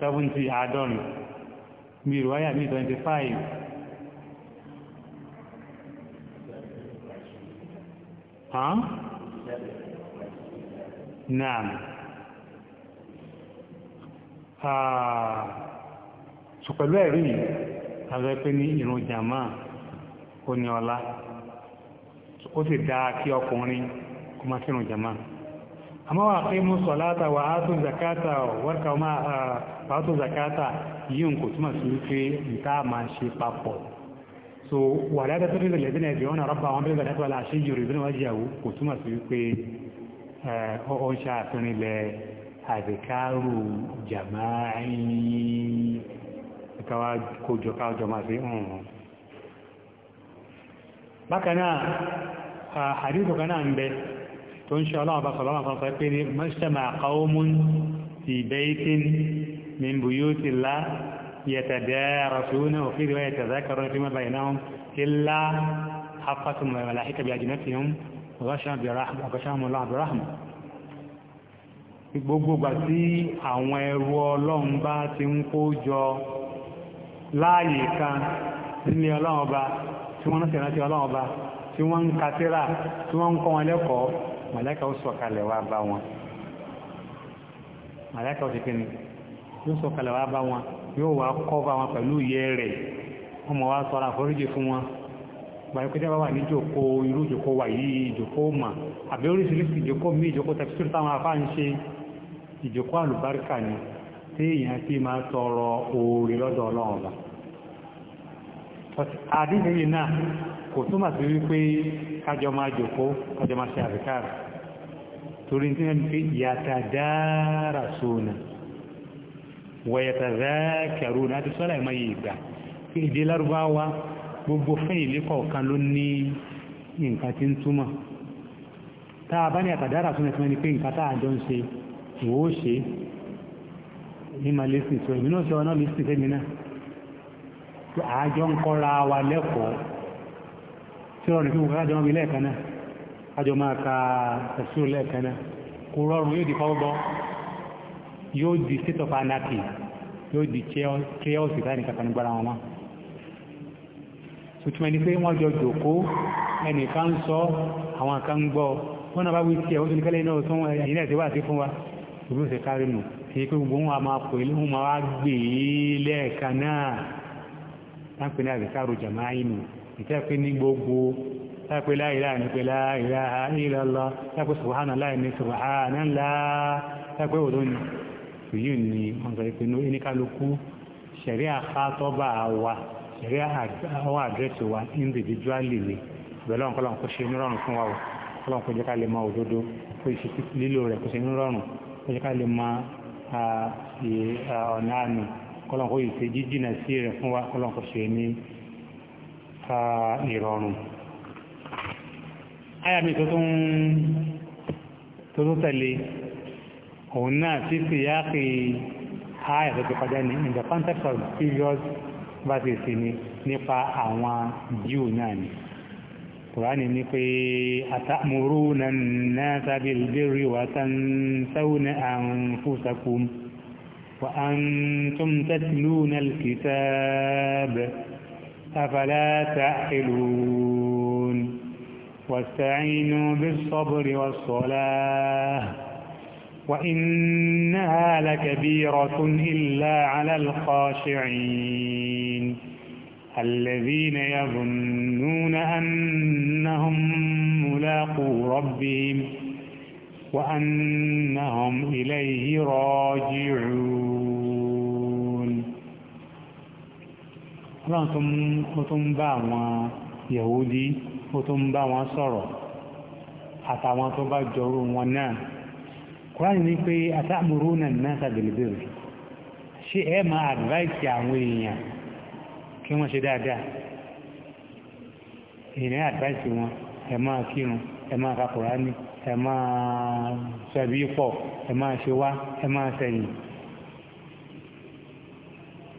70 àádọ́rin bí ìrọ̀wáyà ní 25 hàn náà ṣùpẹ̀lú ẹ̀rí àzọ́ pé ní ìrun jàmá ó ó sì dáa kí ọkùnrin kó máa kírun jàmá àmọ́ wà pé mú sọ̀láta wà á zakata wọ́rka wà á zakata yíò kò túnmà sí wípé nta máa ṣe papọ̀ so wà dáadáa tó nílò lẹ́bínà ẹ̀bí wọn rọ́bà wọn bẹ́ẹ̀ dáadáa láṣẹ yìí rẹ̀ bínú wájú ìyàwó kò túnmà sí wípé ọ̀hún ṣe àfihàn ilẹ̀ bákanáà àdíkò kan náà ń bẹ tó ń ṣe ọlọ́wọ́ bá sọ̀rọ̀ àwọn afẹ́fẹ́ pé ní mọ́ṣẹ́mà àkọ́wọ́mún ti bẹ́ẹ̀tín min buyuti la yatadarasuna wa fi riwaya yatazakaruna fima bainahum illa hafatum malaika bi ajnatihim wa ghashahum bi rahma wa ghashahum Allah tí wọ́n ń sẹ̀rántí ọlọ́run bá tí wọ́n ń katira tí wọ́n ń kọ́ wọn lẹ́kọ̀ọ́ màláìka ó sọ̀kalẹ̀ wá bá wọn màláìka ó ti kí ni yóò sọ̀kalẹ̀ wá bá wọn yóò wá kọ́ bá wọn pẹ̀lú ìyẹ́ rẹ̀ wọ́n mọ̀ wá sọ̀rọ̀ àforíjì fún wọn báyìí kó jábá wà ní ìjòkó irú ìjòkó wà yìí ìjòkó mà àbí oríṣiríṣi ìjòkó mí ìjòkó tẹ̀síṣẹ́ táwọn afá ń ṣe ìjòkó àlùbáríkà ni tí ti máa tọrọ oore lọ́dọ̀ ọlọ́run ọba àdínú yìí náà kò túmọ̀ sí wípé kájọ máa jòkó kájọ máa ṣe àríkàrà torí tí wọ́n fi yatadarasuna wa yatazakaruna àti sọ́lá ìmọ̀ yìí gbà kí èdè lárúbáwá gbogbo fún ìlé kọ̀ọ̀kan ló ní nǹkan tí ń túmọ̀ tá a bá ní atadarasuna tí wọ́n ní pé nǹkan tá a jọ ń ṣe ìwó ṣe ní malaysia sọ ìmínú ọ̀sẹ̀ ọ̀nà lè sì fẹ́mi náà àájọ ń kọ́ra wa lẹ́kọ̀ọ́ tí ọ̀rìn fún kájọ mọ́ mi lẹ́ẹ̀kan náà kájọ máa ka ẹ̀sùn lẹ́ẹ̀kan náà kò rọrùn yóò di fọ́gbọ́ yóò di state of anarchy yóò di chaos ìtàní kankan gbára wọn mọ́ sùtúmọ̀ ní pé wọ́n jọ jòkó ẹnìkan ń sọ àwọn kan ń gbọ́ wọ́n náà bá wí tí ẹ̀ wọ́n tún kẹ́lẹ́ iná ọ̀tún ẹ̀yìn ẹ̀sẹ̀ wà sí fún wa ìlú ìṣẹ̀kárí nù kì í pé gbogbo wọn táǹpẹ́ ní àzìkárò jàmáìnù ìtẹ́pẹ́ ní gbogbo táǹpẹ́ la ilaha ní pé la ilaha illallah táǹpẹ́ subhanallah ní subhanallah táǹpẹ́ òdó ni èyí ni wọ́n sọ pé ní kálukú ṣẹ̀rí àfátọ́bà wa ṣẹ̀rí àwọn àdírẹ́sì wa individually ni ìbẹ̀lẹ́ wọn kọ́lọ́n kó ṣe nírọ̀rùn fún wa o kọ́lọ́n kọ́lọ́n kó ìṣe jíjìnà sí rẹ̀ fún wa kọ́lọ́n kó ṣe ní ìrọ̀rùn aya mi tó tó tẹ̀lé òun náà tí sì yá kí aya tó ti kọjá ní in the context of previous verses ni nípa àwọn jíù náà ni kùránì ní pé àtàmùrú na náà sábẹ̀ lè rí wà tán sáwọn àǹfúsakùn وأنتم تتلون الكتاب أفلا تعقلون واستعينوا بالصبر والصلاة وإنها لكبيرة إلا على الخاشعين الذين يظنون أنهم ملاقو ربهم وأنهم إليه راجعون ọlọ́run tó ń bá àwọn yahudi ó tó ń bá wọn sọ̀rọ̀ àtàwọn tó bá jọrú wọn náà kúránì ní pé àtàmùrú náà náà sàbẹ̀lẹ̀bẹ̀rẹ̀ ṣé ẹ máa advice àwọn èèyàn kí wọ́n ṣe dáadáa èèyàn advice wọn ẹ máa kírun ẹ máa ka kùránì ẹ máa ṣẹbí pọ̀ ẹ máa ṣe wá ẹ máa ṣẹ̀yìn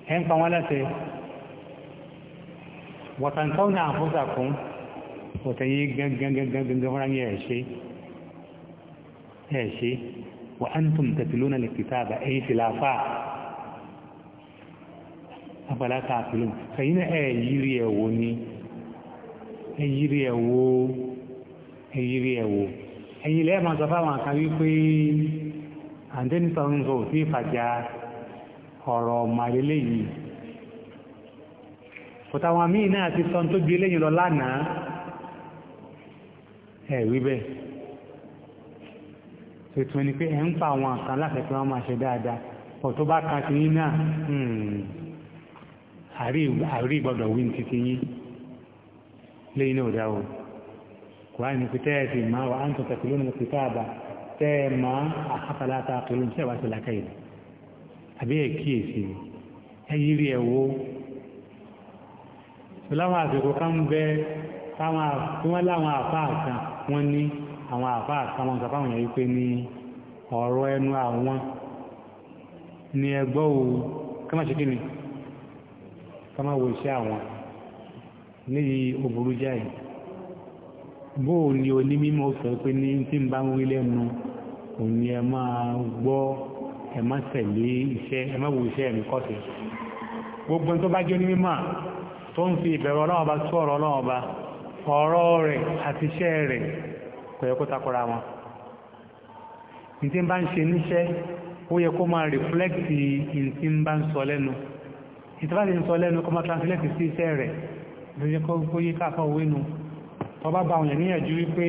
ẹ ń pa wọn láti wọ̀tàntọ́ náà fúnṣà kún wọ̀tàyí gangan fúnra ní ẹ̀ ṣe ẹ̀ ṣe wà á ń tún tẹ̀tìlú náà lè kìtàbà ẹ̀yí tìlàfà afẹ́látà àfìlú ṣẹ̀yìn ẹ̀ yírí ẹ̀wò ni ẹ̀ yírí ẹ̀wò Eyiri ẹ̀wò ẹ̀yìn ilẹ̀ ẹ̀mọ̀ sọfá wọn wípé àndẹ́nìtọ̀nzò tí ìfàjá ọ̀rọ̀ màrẹ́lẹ̀ yìí kòtàwọn míì náà ti sọ tó bí eléyìn lọ lánàá ẹ̀rí tuntun ni pé ẹ̀ ń pa àwọn kan láti pé máa ṣe dáadáa pọ̀ tó bá kan ti yín náà hmm, àrí ìgbọ́dọ̀ wí ti ti yín lẹ́yìn náà dáwọ́ kùránì pé tẹ́ẹ̀tì máa wà áńtọ̀ tẹ̀kùlú ní pípa àbá tẹ́ẹ̀ máa àhàfàlátà pẹ̀lú ní ṣẹ́wàá sí lákàyè àbí ẹ̀ kíyèsí ẹ̀yí rí ẹ̀wọ́ láwọn àsìkò kan bẹ tí wọ́n láwọn àfáà kan wọ́n ní àwọn àfáà kan wọn sọpá wọn yẹ pé ni ẹgbọ́ bóò ni onímọ̀ sọ pé ní tí ń bá ń wí lẹ́nu òun ni ẹ máa gbọ́ ẹ má tẹ̀lé iṣẹ́ ẹ má wo iṣẹ́ ẹ̀mí kọ́sẹ̀ gbogbo tó bá jẹ́ onímọ̀ tó ń fi ìbẹ̀rù ọlọ́run ọba tó ọ̀rọ̀ ọlọ́run ọba ọ̀rọ̀ rẹ̀ àti iṣẹ́ rẹ̀ kò yẹ kó takora wọn ní tí ń bá ń ṣe níṣẹ́ ó yẹ kó máa rìflẹ́kìtì ní tí ń bá ń sọ lẹ́nu ìtọ́lá ń sọ lẹ́nu kó máa translate sí iṣẹ́ rẹ̀ ló yẹ kó yí káfọ́ wínú tọba bá òyìn níyànjú wípé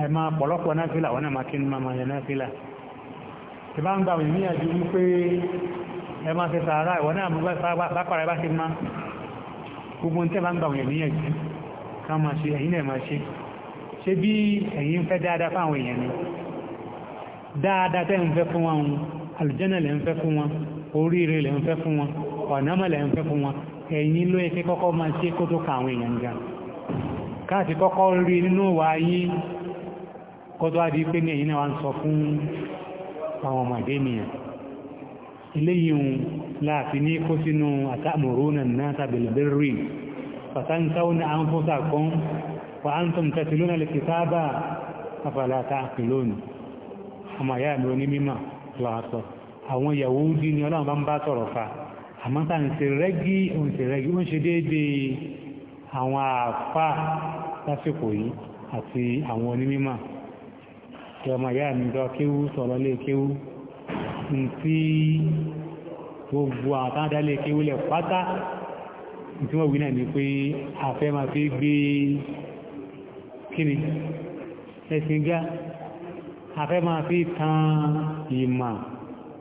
àìmá pọ̀lọ́pọ̀ náfílà wọ́n náà máa kí ní máa yẹn náfílà tí bá ń gbà òyìn níyànjú wípé ẹ máa ṣe sàárà ìwọ̀n náà mú bákọ̀rọ̀ bá ṣe máa gbogbo tẹ́ bá ń gbà òyìn níyànjú ká máa ṣe ẹ̀yìn náà máa ṣe ṣe bí ẹ̀yin fẹ́ dáadáa fáwọn èèyàn ni dáadáa tẹ́ ń fẹ́ fún wọn àlùjànnà lẹ́ ń fẹ́ fún wọn oríire lẹ́ ń káàtì kọ́kọ́ rí nínú wa yín kọ́tọ́ àdí pé ní ẹ̀yìn náà ń sọ fún àwọn ọmọdé nìyàn iléyìn láàfin ní kó sínú àtàmùrúnà náà tàbílẹ̀bẹ̀rẹ̀ fatansauna anfusakum wa antum tatluna alkitaba afala ta'qilun ọmọ ìyá mi oní mímọ̀ lọ́wọ́ àwọn Yahudi ni àwọn àfáà lásìkò yìí àti àwọn onímímà tí ọmọ ìyá mi lọ kéwú sọ̀rọ̀ lé kéwú tí gbogbo àtàdálé kéwú lẹ̀ pátá tí wọ́n wí náà ni pé àfẹ́ máa fi gbé kíni ẹ̀sìn gá afẹ́ máa fi tan ìmà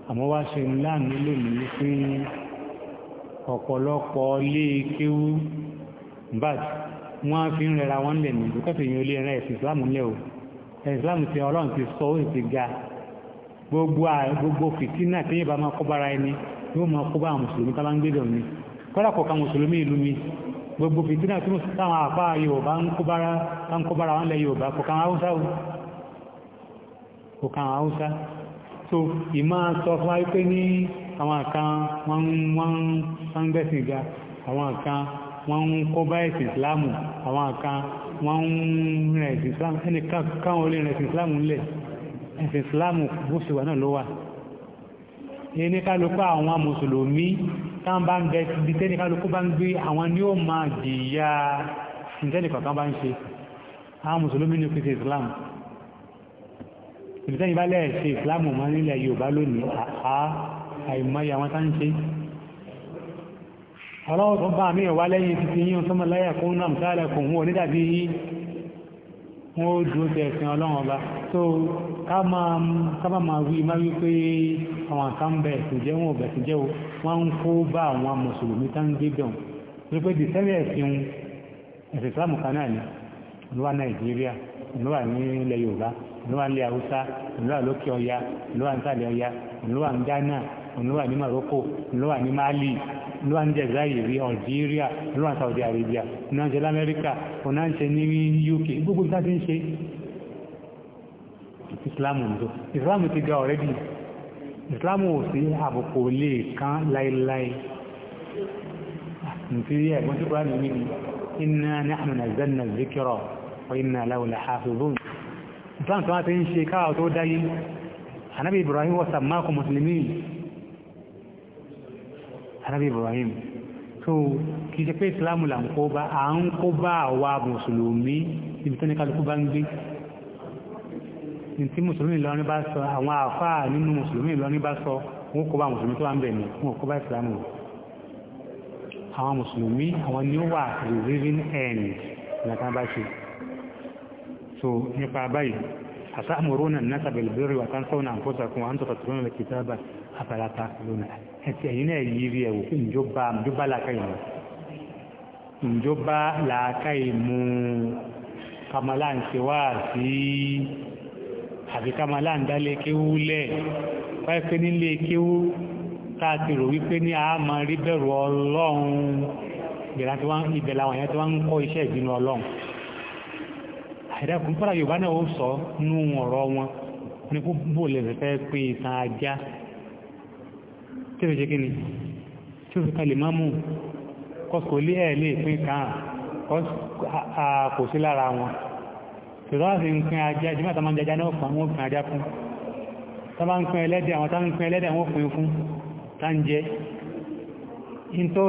àmọ́ wá ṣe láàánú lónìí fún ọ̀pọ̀lọpọ̀ lé kéwú bàtí wọ́n fi ń rẹra wọn lẹ̀ nìyí kọ́fì yìí ó lé rẹ ẹ̀sìn islam lẹ̀ o ẹ̀sìn islam ti ọlọ́run ti sọ ó ti ga gbogbo gbogbo fìtínà tí yóò bá máa kó bára ẹni yóò máa kó bá mùsùlùmí tá bá ń gbédọ̀ mi kọ́dà kọ̀ọ̀ka mùsùlùmí ìlú mi gbogbo fìtínà tí táwọn àpá yorùbá ń kó bára ń kó wọn lẹ̀ yorùbá kọ̀ọ̀ka haúsá o kọ̀ọ̀ka haúsá so ìmọ̀ sọ fún wa pé ní àwọn kan wọ́n ń gbẹ̀sìn ga àwọn kan wọ́n ń kó bá ẹ̀sìn ìsìláàmù àwọn kan wọ́n ń rìn ẹ̀sìn ìsìláàmù ẹni káwọn olè rìn ẹ̀sìn ìsìláàmù ńlẹ̀ ẹ̀sìn ìsìláàmù bó ṣe wà náà ló wà ẹni kálukú àwọn mùsùlùmí táwọn bá ń bẹ ibi tẹ́ni kálukú bá ń gbé àwọn ni ó máa jìyà ìtẹ́ni kọ̀ọ̀kan bá ń ṣe àwọn mùsùlùmí ní pèsè ìsìláàmù ìbítẹ́ni bá ṣe ìsìláàmù ọlọ́wọ́ tó bá mí ọ̀wá lẹ́yìn títí yíò tó mọ̀ láyà kún náà mùsàlẹ̀ kún wọn onídàbí yí wọ́n ó dúró tẹ̀ ẹ̀sìn ọlọ́wọ́ bá tó kábà máa wí má wí pé àwọn kan bẹ̀ tó jẹ́ wọn bẹ̀ tó jẹ́ wọn ń kó bá àwọn mùsùlùmí tá ń gbé bẹ̀ wọn wí pé dìsẹ́lẹ̀ ẹ̀sìn ẹ̀sìn islam kan òun ló wà ní Morocco òun ló ní Mali òun ló wà ní Jazairi Algeria òun ló wà ní Saudi Arabia òun náà ń ṣe lamẹ́ríkà òun náà ń ṣe ní UK gbogbo nǹkan tí ń ṣe Islam nìyó Islam ti ga already Islam ò sí àbùkù lè kán láéláé nítorí ẹ̀gbọ́n tí kúrò ní iná ní àmìnà zanna zikirọ̀ wa iná láwùlà hafizun Islam tó wá ti ń ṣe káwà tó dáyé Ànábì Ibrahim arábí Ibrahim tó kìí ṣe pé Islam là ń kó bá à ń kó bá àwa mùsùlùmí ibi tó ní kálukú bá ń gbé tí mùsùlùmí Ìlọrin bá sọ àwọn àfáà nínú mùsùlùmí Ìlọrin bá sọ wọn kó bá mùsùlùmí tó wà ń bẹ̀ ní wọn kó bá Islam àwọn mùsùlùmí àwọn ni ó wà receiving end ìlàkà bá ṣe ẹtì ẹ̀yìn náà yí rí ẹ̀wò kí njó bá njó bá làákà ìmú njó bá làákà ìmú kàmálà ń ṣe wá sí àbí kàmálà ń dálé kéwú lẹ̀ wáyé pé nílé kéwú tá a ti rò wípé ní àmọ́ rí bẹ̀rù ọlọ́run ibẹ̀ làwọn yẹn tí wọ́n ń kọ́ iṣẹ́ ìbínú ọlọ́run àìdákùn fúnra yorùbá náà ó sọ nú ọ̀rọ̀ wọn ní kó lè fẹ́ pé ìtàn ajá tí ó ṣe kí ni tí ó fi kalẹ̀ máa mú kọ́sùkò lé ẹ̀ lè pín kan kò sí lára wọn tòlá sí ń pín ajá jímọ̀ tó máa ń jajá náà fún àwọn òpin ajá fún tó bá ń pín ẹlẹ́dẹ̀ àwọn tó ń pín ẹlẹ́dẹ̀ àwọn òpin fún tá ń jẹ́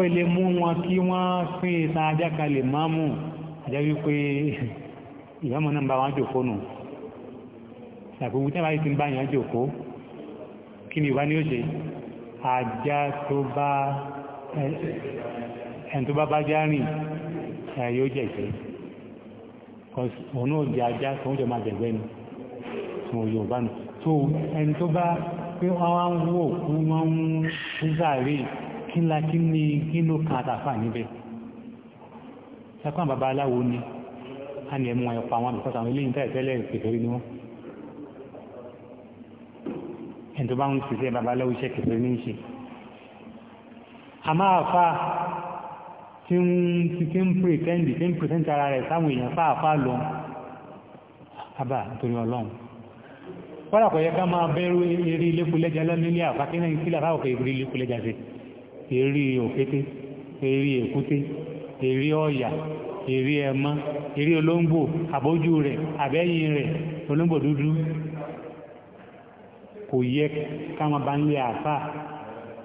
ilé mú wọn kí wọ́n pín ìsan ajá kan máa mú ajá wípé ìyọ́mọ̀ náà bá wọn jòkó nù ṣàkóbù tí wọ́n bá ti ń bá yàn jòkó kí ni ìwá ni ó ṣe ajá tó bá ẹni tó bá bá já rìn yóò jẹ ìgbẹ́ òun náà jẹ ajá tó ń jẹ máa jẹgbẹ́ ni mo yorùbá nù tó ẹni tó bá pé wọ́n ń wò kú wọ́n ń sáré kí ńlá kí ní kí kan àtàfà níbẹ̀ sápá bàbá aláwo ni a ní ẹmú ẹ̀pọ̀ àwọn àbùkọ́ta àwọn ilé ìtẹ́ẹ̀tẹ́lẹ̀ ìpèsè rí ni wọ́n ẹni tó bá ń ṣiṣẹ́ babaláwo iṣẹ́ kẹfẹ́ ní ṣe àmọ́ àfa tí ń ti ń pìrìtẹ́ndì tí ń pìrìtẹ́ndì ara rẹ̀ sáwọn èèyàn fáàfáà lọ àbá nítorí ọlọ́run wọ́n àpọ̀ yẹ ká máa bẹ̀rù eré ilékulẹ́jà lọ́nílé àfákínà ìpínlẹ̀ àfáwọ̀kẹ́ eré ilékulẹ́jà sí eré òkété eré èkúté eré ọ̀yà eré ẹmọ́ eré olóńgbò àbójú rẹ̀ àbẹ́yìn rẹ̀ olóńgbò dúdú kò yẹ káwọn bá ń lé àfà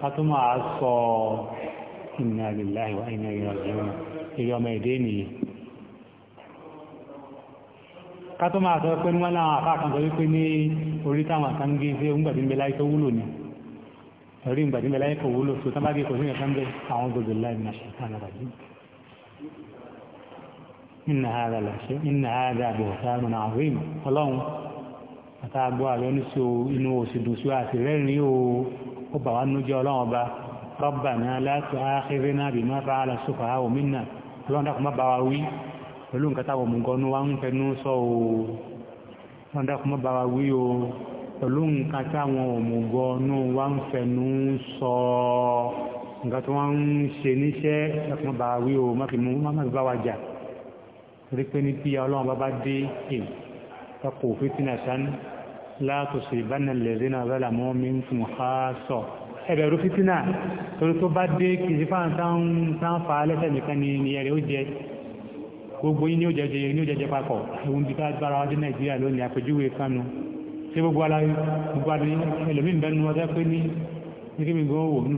ká tó máa sọ inna lillahi wa inna ilaihi raji'un eré ọmọ èdè nìyẹn ká tó máa sọ pé ní wọ́n láwọn àfà kan sọ wípé ní orí wúlò tó tán bá sí nǹkan bẹ àwọn gbogbo láì ní àṣẹ náà إن هذا لا شيء إن هذا بهتان عظيم اللهم àtàgbọ́ àlọ́níṣò inú òṣèdùsù àti rẹ́rìn o ó bà wá nújẹ́ ọlọ́run ọba rabbana la tu'akhidhna bima fa'ala sufaha'u minna ọlọ́run dákun má bá wa wí pẹ̀lú nǹkan táwọn mọ̀gánú wá ń fẹnu sọ o ọlọ́run dákun má bá wa wí o pẹ̀lú nǹkan táwọn mọ̀gánú wá ń fẹnu sọ nǹkan tí wọ́n ń ṣe níṣẹ́ dákun má bá wa wí o má fi bá wa jà torí pé ní bí ọlọ́run bá bá dé ẹ̀ ọkọ̀ òfin tí nà sánú látòsí ìbánilẹ̀zínà ọ̀rẹ́là mọ́ mi ń fún àásọ̀ ẹbẹ̀rú fítínà torí tó bá dé kìí fáńfà lẹ́sẹ̀ nìkan ni ẹ̀rẹ́ ó jẹ gbogbo yìí ni ó jẹjẹ ní ó jẹjẹ papọ̀ ohun bí káàgbára wájú nàìjíríà lónìí àpèjúwe kanu tí gbogbo ara gbogbo adé ẹlòmíín bẹnu ọjọ́ pé ní ní kí mi gbọ́ wò ní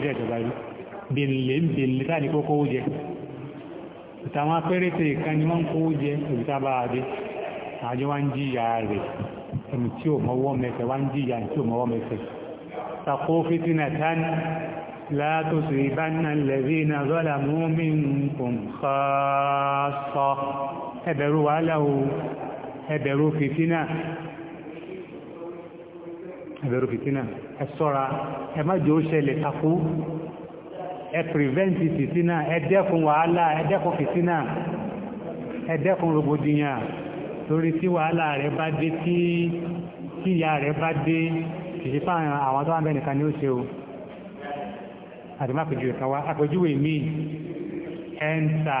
fámìlì wọn bèlè bèlè táà ní kó ìtàwọn apẹ́rẹ́tẹ̀ ìkan ni wọ́n ń kówó jẹ òbítàbà adé àjọ wá ń jìyà rẹ̀ ẹni tí ò mọ́wọ́ mẹ́fẹ́ wá ń jìyà tí ò mọ́wọ́ mẹ́fẹ́ sàkó fìtínà tán látò sí ìbánà lẹ́bí iná zọ́là mú mi nǹkan sọ ẹbẹ̀rù wàhálà o ẹbẹ̀rù fìtínà ẹbẹ̀rù fìtínà jẹ́ ó ṣẹlẹ̀ takú ẹ pìrìvẹ́ǹtì fìtínà ẹ dẹ́kun wàhálà ẹ dẹ́kun fìtínà ẹ dẹ́kun rògbòdìyàn torí tí wàhálà rẹ̀ bá dé tí ìyá rẹ̀ bá dé kìí fáwọn àwọn tó wà bẹ́ẹ̀ nìkan ni ó ṣe o àti má pèjúwe kan wá àpèjúwe mi ẹ̀ńtà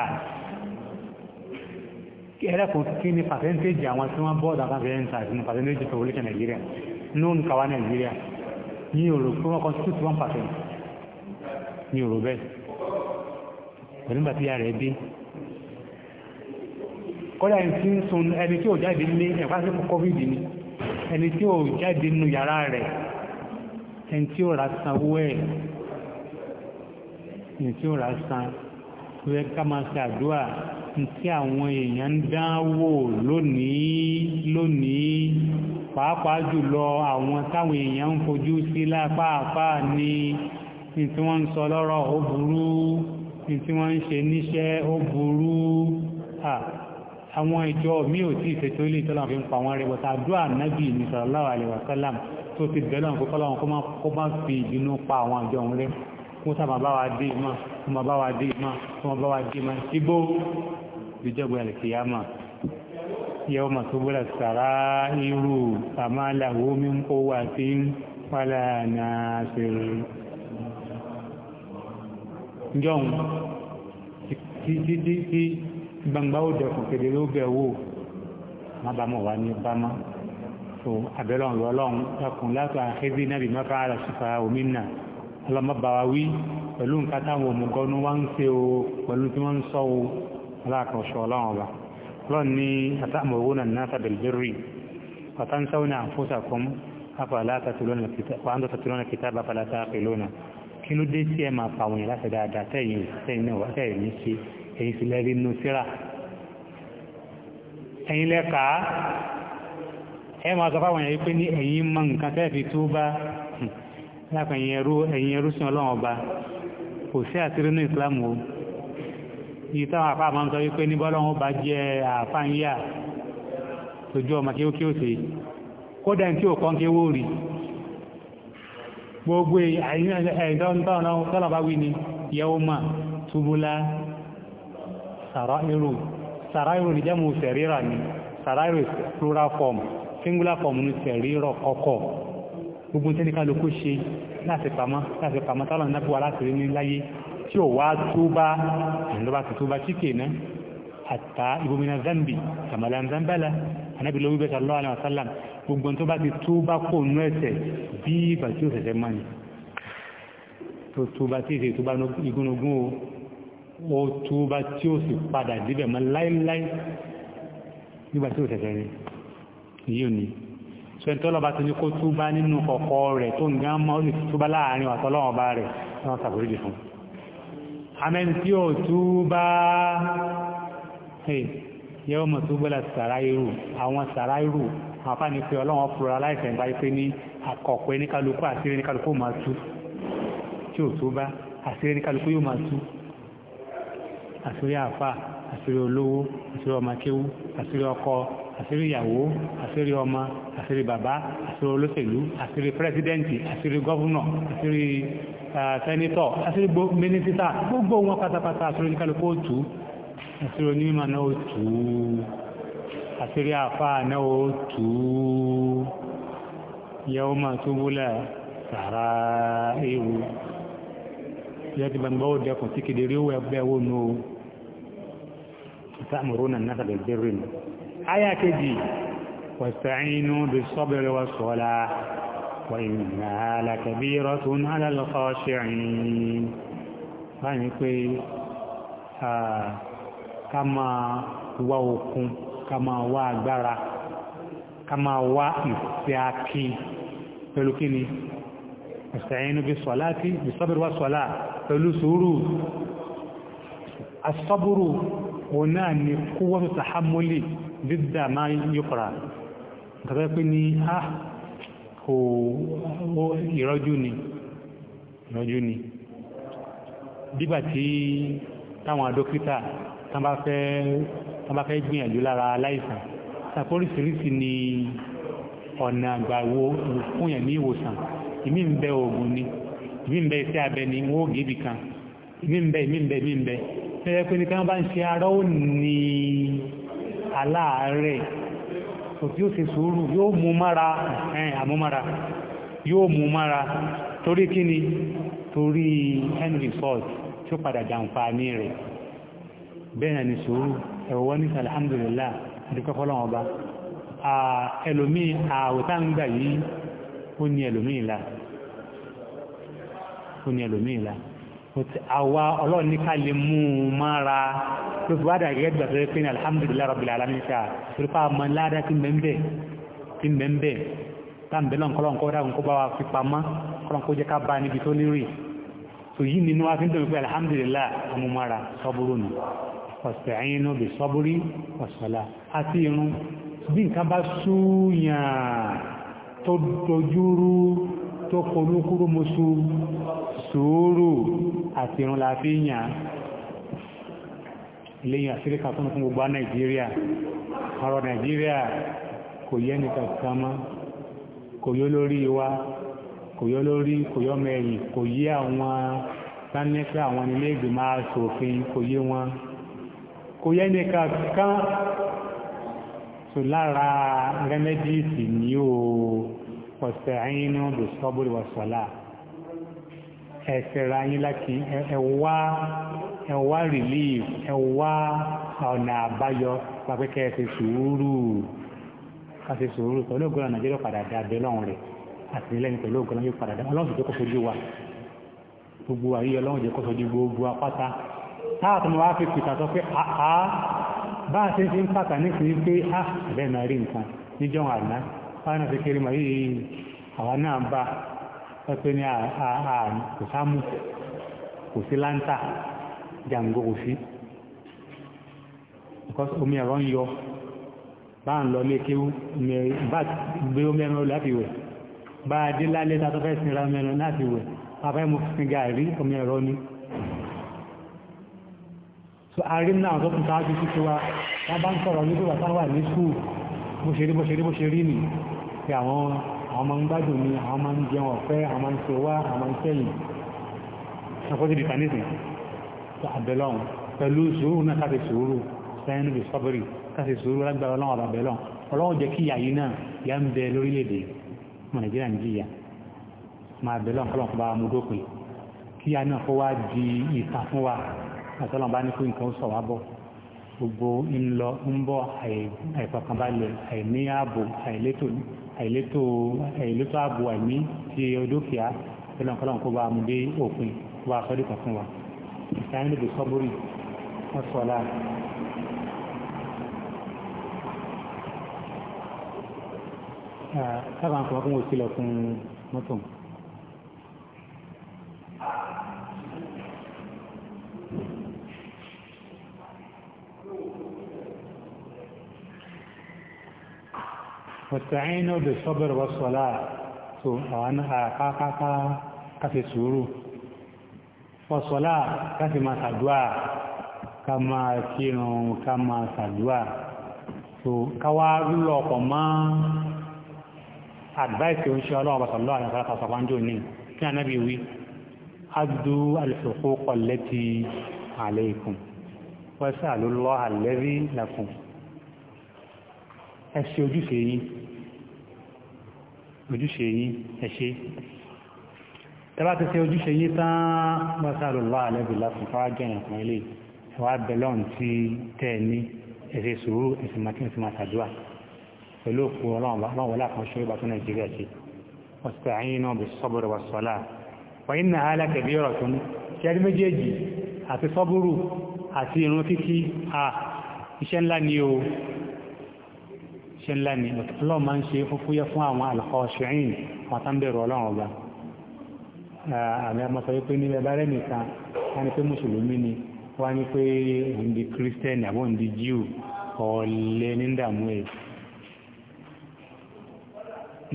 ẹlẹ́kùn kí ni pàṣẹ́ntéèjì àwọn tí wọ́n bọ́ọ̀dù àkànṣe ẹ̀ńtà nínú pàṣẹ́ntéèjì population Nàìjíríà nínú kàwá Nàìjíríà ní òrò pé wọ́n constitute one percent ní òrò bẹ́ẹ̀ pẹ̀lú bàtí ya rẹ̀ dé kọ́lá ẹni tí ń sun ẹni tí ò jáde ní ẹ̀kọ́ covid ni ẹni tí ò jáde nínú yàrá rẹ̀ ẹni tí ó ra sanwó ẹ̀ ẹni tí ó ra san wẹ́ ká máa ṣe àdúrà tí àwọn èèyàn ń dánwò lónìí lónìí pàápàá jùlọ àwọn táwọn èèyàn ń fojú sí lápáàpáà ni ní tí wọ́n ń sọ lọ́rọ̀ ó burú ní tí wọ́n ń ṣe níṣẹ́ ó burú àwọn ìjọ mi ò tí ìfètò ilé ìtọ́lọ̀ fi ń pa wọn rẹwọ̀ta àdúrà nábì ní sallallahu alaihi wasallam tó ti bẹ̀rẹ̀ ọ̀pọ̀ kọ́lọ̀wọ̀n kó má fi ìbínú pa àwọn ìjọ òun rẹ̀ kó sábà bá wa dé ìmọ̀ kó jọun títí tí gbangba ó dẹkùn kéde ló bẹ̀ wò má bá mọ̀ wá ní bámá so abẹ́lẹ̀ ọ̀rọ̀ ọlọ́run dákun látọ̀ àhẹ́bí náà bí má fà á ṣùfà omi náà ọlọ́mọbàwá wí pẹ̀lú nǹkan táwọn òmùgọ́nú wá ń ṣe o pẹ̀lú tí wọ́n ń sọ o aláàkànṣọ́ ọlọ́run ọba ọlọ́run ní àtàmọ̀wó náà náà tàbẹ̀lẹ́rì وتنسون أنفسكم أفلا تتلون الكتاب وأنتم تتلون الكتاب فلا تعقلون kí ló dé sí ẹ máa fà wọ̀nyí láti dáadáa tẹ́yìn tẹ́yìn náà tẹ́yìn ní ṣe ẹ̀yìn sì lẹ́rí inú síra ẹ̀yìn lẹ́ka ẹ máa sọ fáwọn ẹ̀yìn pé ní ẹ̀yìn mọ nǹkan tẹ́ẹ̀fì tó bá lápẹ̀ ẹ̀yìn ẹrú ẹ̀yìn ẹrú sí ọlọ́run ọba kò sí àtìrí inú Islam o yìí táwọn àfáà máa ń sọ wípé ní bọ́lọ́run ọba jẹ́ àfáà ń yà ojú ọmọ kí ó kí ó ṣe kódà ní tí ò kọ́ rí gbogbo ẹ̀dọ́ntọ́nà tọ́lọ̀bá wí ni yawma tubula sarairu sarairu ni jẹ́mù sẹ̀ríra ni sarairu plural form singular form ni sẹ̀ríra kọ́kọ́ gbogbo tẹ́nìká ló kó ṣe láti pamọ́ láti pamọ́ tọ́lọ̀ náà wà láti rí ní láyé tí ò wá túbá ìlú bá ti túbá chíkè náà àtà ibòmìnà zambi kàmàlà zambala anábì ló wí bẹ́ẹ̀ sallallahu alaihi wasallam gbogbo tó bá ti tó bá kó nú ẹ̀ṣẹ̀ bí ìgbà tí ó ṣẹ̀ṣẹ̀ mọ́ ni tó tó bá tí ìṣe tó bá igúnnugún o ó tó bá tí ó sì padà débẹ̀ mọ́ láíláí nígbà tí ó ṣẹ̀ṣẹ̀ ni yíò ni sọ́yìntọ́lọ́ba tó ní kó túbá nínú kọ̀kọ́ rẹ̀ tó ń gán mọ́ ní túbá láàrin àtọ́lọ́ọ̀bá rẹ̀ yẹ́wọ́ mọ̀túbọ̀lá sàráìrù àwọn sàráìrù àfáàní pé ọlọ́wọ́n fura láìsẹ̀ ń báyìí pé ní àkọ̀pẹ́ ní kálukú àṣírí ní kálukú máa tú tí ò tó bá àṣírí ní kálukú yóò máa tú àṣírí àfà àṣírí olówó àṣírí ọmọkéwú àṣírí ọkọ àṣírí ìyàwó àṣírí ọmọ àṣírí bàbá àṣírí olóṣèlú àṣírí pírẹsidẹ́ǹtì àṣírí gọ́vùnà àṣírí eh, sẹ́nitọ̀ àṣírí mínísítà gbogbo wọn pátápátá àṣírí ní kálukú ó tú àṣírí onímọ̀ náà ó tù ú àṣírí àfáà náà ó tù ú yẹ́wó máa tó wúlẹ̀ sàrà ewu yẹ́ ti gbangba ó dẹkùn sí kedere ó ẹgbẹ́ owó nù ó ìtàmùrú nà náà sàbẹ̀ bẹ́rù nù. ayé àkejì wasta'inu bis-sabri was-salah wa innaha lakabiratun 'ala al-khashi'in ká máa wá okun ká máa wá agbára ká máa wá ìfẹ́ akin pẹ̀lú kí ni ìsẹ̀yìnú bí sọ̀lá tí ìsọ́bẹ̀rẹ̀ wá sọ̀lá pẹ̀lú sùúrù asọ́bùrù òun náà ni kúwọ́tù tàhámúlì dídà máa yíkọ̀rà tàbí pé ní a ah, kò ìrọ́jú ni ìrọ́jú ni dígbà tí táwọn dókítà tán bá fẹ́ gbìyànjú lára aláìsàn sàpóríṣiríṣi ni ọ̀nà àgbàwo fún yẹn ní ìwòsàn ìmí ń bẹ oògùn ni ìmí ń bẹ iṣẹ́ abẹ ni wọ́n ó gébì kan ìmí ń bẹ ìmí ń bẹ ìmí ń bẹ tẹ́lẹ̀ pé ní kí wọ́n bá ń ṣe ara ó ní aláàárẹ̀ òtí ó sùúrù yóò mú mára àmúmára yóò mú mára torí kíni torí henry ford tí ó padà jàǹfà rẹ̀ bẹ́ẹ̀ ni sùúrù ẹ̀wọ̀wọ́ ní alhamdulillah dúpẹ́ fọ́lọ́wọ́ bá ẹlòmí àwòtá ń gbà yìí ó ní ẹlòmí ìlà ó ní ẹlòmí ìlà àwa ọlọ́run ní ká lè mú un mára ló fi wádà gẹ́gẹ́ gbà tó yẹ pé ní alhamdulillah rabbil alamin ṣá torí pa àmọ́ ládá tí ń bẹ́ tí tó lérè nínú wa fi ń dọ̀wé pé alhamdulillah àmúmára sọ́búrú nù fasta'inu bis-sabri was-salah àti irun bí nǹkan bá súyàn tó dojúrú tó kolúkúrú mọ́sù sùúrù àti irun la fi yàn lẹ́yìn àṣíríkà fún fún gbogbo nàìjíríà ọ̀rọ̀ nàìjíríà kò yẹ nìkan kan mọ́ kò yọ lórí wa kò yọ lórí kò yọ mẹ́rin kò yí àwọn tánẹ́kẹ́ àwọn ilé ìgbìmọ̀ aṣòfin kò yé wọn kò yẹ nìkan kan tó lára rẹ́mẹ́díìsì ní o ọ̀sẹ̀ ayínú lè sọ́bùrì wọ̀sọ̀lá ẹ̀fẹ̀ra yín láti ẹ̀wá ẹ̀wá relief ẹ̀wá ọ̀nà àbáyọ pàpẹ́kẹ́ ẹ̀fẹ̀ sùúrù kàṣẹ sùúrù pẹ̀lú ògbọ́n nàìjíríà padà dá abẹ́ lọ́rùn rẹ̀ àtìlẹ́yìn pẹ̀lú ògbọ́n yóò padà dá ọlọ́run tó kọ́ fojú wa gbogbo àríyọ ọlọ́run jẹ́ kọ́ fojú gbogbo apáta táàtùmọ̀ wá fi pìtàtọ̀ pé àá ah, ah, bá a ṣe ń fi ń pàtà ní kìí pé á ah, bẹ́ẹ̀ náà rí nǹkan níjọ́ àná fáwọn àti kiri mọ̀ yìí àwọn náà bá pẹ́pẹ́ ní kò sámú kò sí láńtà jàǹgó kò sí because omi ẹ̀rọ ń yọ bá ń lọ lé kéwú bá gbé omi ẹ̀rọ láti wẹ̀ bá a dé lálẹ́ tàbí fẹ́ sinra omi ẹ̀rọ láti wẹ̀ bá fẹ́ mú fi gàrí omi ẹ̀rọ ní so àárín náà tó kùn sáájú sí tiwa wọ́n bá ń sọ̀rọ̀ ní pípa táwọn wà ní skul bó ṣe rí bó ṣe rí bó ṣe rí nì pé àwọn àwọn máa ń gbádùn ni àwọn máa ń jẹun ọ̀fẹ́ àwọn máa ń ṣe wá àwọn máa ń sẹ́yìn ṣàkóso ti dìkan nísìn tó àbẹ̀lọ́n pẹ̀lú sùúrù náà káfí sùúrù sẹ́yìn níbi sọ́bìrì káfí sùúrù lágbára ọlọ́run àbàbẹ̀lọ́n ọlọ́run àtọ́lọ́n bá ní kó nǹkan sọ̀ wá bọ̀ gbogbo ń lọ ń bọ̀ àìfọkànbalẹ̀ àìní ààbò àìlétò àìlétò àìlétò ààbò àìní ti dúkìá tọ́lọ́n kọ́lọ́n kó bá mú dé òpin kó bá sọ́dí kan fún wa ìsáyẹn lè sọ́bórì wọ́n sọ̀ láàrín. sábà ń kọ́ fún òsìlẹ̀ fún wọ̀tàínú bí sọ́bẹ̀rẹ̀ wọ́n sọ́lá tó àwọn àkákáká káfí sùúrù fọ́sọ́lá káfí máa sàdúà ká máa kírun ká máa sàdúà tó káwá lọ ọ̀pọ̀ mọ́ advice ń ṣe ọlọ́wọ́ sọ̀lọ́ àwọn ìfẹ́lá pàṣẹ wáńjò ní kí ànábì wí adú al-huquq allati alaykum was'alullaha alladhi lakum ẹ ṣe ojúṣe yìí ojúṣe yìí ẹ ṣe tẹ́bá ti ṣe ojúṣe yìí tán mọ́sálùlá alẹ́bìlá fún fáwájọ́ ìyànkùn ilé ẹwà bẹ̀lọ́n tí tẹ́ ní ẹ̀ṣẹ̀ sùúrù ẹ̀sìn makin sí masàdúrà pẹ̀lú òkú ọlọ́run wọlá kan ṣe ìbàtún nàìjíríà ṣe ńlá ni ọlọ́run máa ń ṣe fúfúyẹ́ fún àwọn al-khashi'in wọn tán bẹ̀rù ọlọ́run ọba ah, àmì àmọ́sọ wípé níbẹ̀ bá rẹ̀ nìkan wọ́n ní pé mùsùlùmí ni wọ́n ní pé òun di kírísítẹ́nì àbọ̀ òun di jíù ọ̀lẹ́ ní dààmú ẹ̀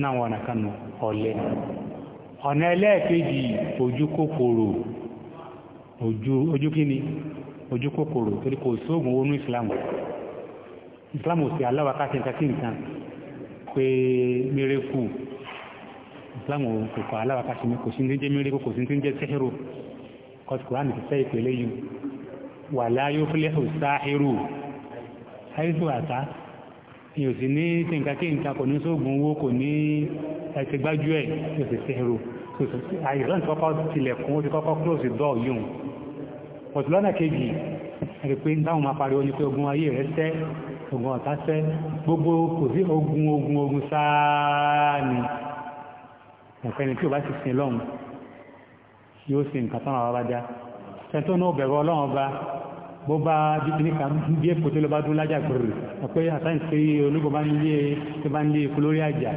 náà wọn nà kánú ọ̀lẹ́ ọ̀nà ẹlẹ́ẹ̀kejì ojú kòkòrò ojú kíni ojú kòkòrò torí kò sóògùn owó ní ìsìlámù islam ò sí aláwa ká ṣe nǹkan nǹkan pé mérekù islam ò kò kọ aláwa ká ṣe ní kò sí ní jẹ́ mérekù kò sí ní jẹ́ sẹ́hìrò kọ́sì kùránì ti sẹ́yìn pẹ̀lẹ́ yìí wà láyé fúlẹ̀ ò àìsù àtá yóò sì ní ṣe nǹkan kí nǹkan kò ní sóògùn owó kò ní ẹsẹ̀ gbájú ẹ̀ yóò sì sẹ́hìrò àìsàn kọ́kọ́ tilẹ̀kùn ó ti kọ́kọ́ close door yìí ọ̀tún lọ́nà kejì ẹ̀rẹ̀ pé táwọn máa pariwo ni pé ogun ayé rẹ̀ sẹ́ ogun ọ̀tásẹ́ gbogbo kò sí ogun ogun ogun sáà ni ẹ̀fẹ́ni tí ò bá sì sin lọ́hùn yóò sin nǹkan tán àwọn abájá tẹ́tọ́ náà bẹ̀rọ ọlọ́run ọba bó bá dídí níka bí èpò tó lọ bá dún lájà gbèrè ọ̀pẹ́ àtàǹtì pé ológun bá ń lé tó bá ń lé ikú lórí àjà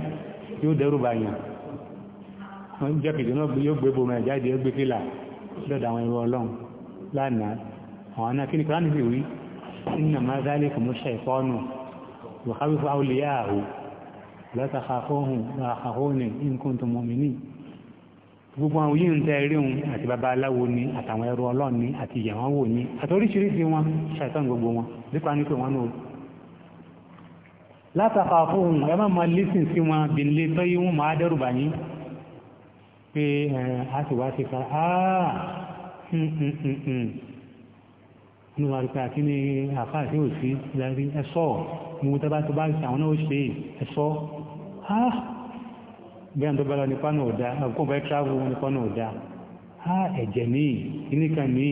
yóò dẹ́rù bàyàn wọ́n jẹ́ náà yóò gbé bòmọ̀ ẹ̀jáde ó gbé fìlà lọ́dọ̀ àwọn ẹ̀rọ ọlọ́run lánàá àwọn anákíníkan láti fi wí إنما ذلكم الشيطان يخوف أولياءه لا تخافوهم لا تخافون إن كنتم مؤمنين gbogbo àwọn yìí ń tẹ́ rí òun àti bàbá aláwo ni àtàwọn ẹrù ọlọ́run ni àti ìyàwó wò ni àtòríṣiríṣi wọn ṣàìsàn gbogbo wọn nípa nípa wọn náà látàkà fóun ẹ má máa lísìn sí wọn bìnlẹ̀ tó yí wọn máa dẹ́rù bà yín pé a sì wá ti fa áà ah, hmm, hmm, hmm, ní wà rúkà kí ni àfà àti òsì lárí ẹ̀sọ́ mú tẹ́bá tó bá ṣe àwọn náà ṣe ẹ̀sọ́ ha bí àwọn tó bá lọ nípa náà ọ̀dá àbùkún bá travel nípa náà ọ̀dá ha ẹ̀jẹ̀ ní ìníkà ní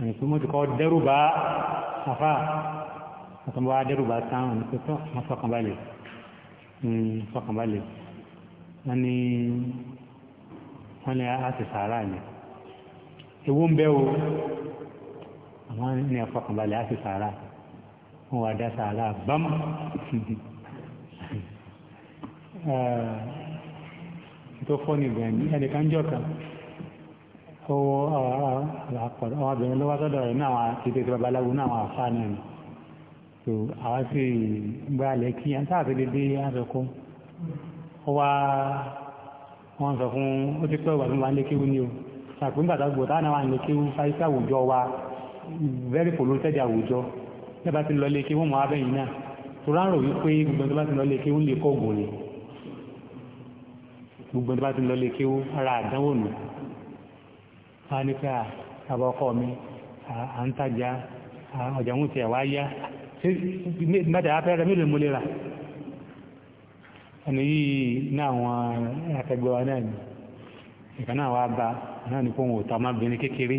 àyẹ̀kú mọ́ ti kọ́ dẹ́rùbá àfà àtàwọn adẹ́rùbá táwọn ní pẹ́tọ́ wọ́n fọkànbalẹ̀ hmm, fọkànbalẹ̀ wọ́n ní wọ́n ní àti sàárà ní ewu ń bẹ́ o àwọn ní ẹ̀fọ́kànbalẹ̀ á sì sàárà wọn wà dá sàárà bámú tó fọ́ ní ìgbà ní ẹnìkan jọ kan owó àpọ̀lọ́ àwọn obìnrin ló wá sọ́dọ̀ rẹ̀ ní àwọn ètò ìtò babaláwo ní àwọn àfáà náà ni tó àwọn sì gbá lẹ́kí àtàkì dédé àsọkọ́ ó wá wọ́n sọ fún ó ti pẹ́ ìgbà tó máa ń lékéwú ni o ṣàpíngbà tó gbòtá wà ń lékéwú fáìsì wa very polluted àwùjọ nígbà tí lọ léke wọ́n mọ abẹ́yìn náà tó ráńrò wípé gbogbo tó bá ti lọ léke ó ń lè kọ́ọ̀gùn ni gbogbo tó bá ti lọ léke ó ara àdánwò nù wọ́n á ní pé àbá ọkọ mi à ń tajà ọjà ń tiẹ̀ wá mẹ́ta afẹ́rẹ́ mélòó mo lè rà ẹni yìí náà wọn akẹgbẹ́ wa náà ni ìkan náà bá náà ní kó wọn ò ta ọmọbìnrin kékeré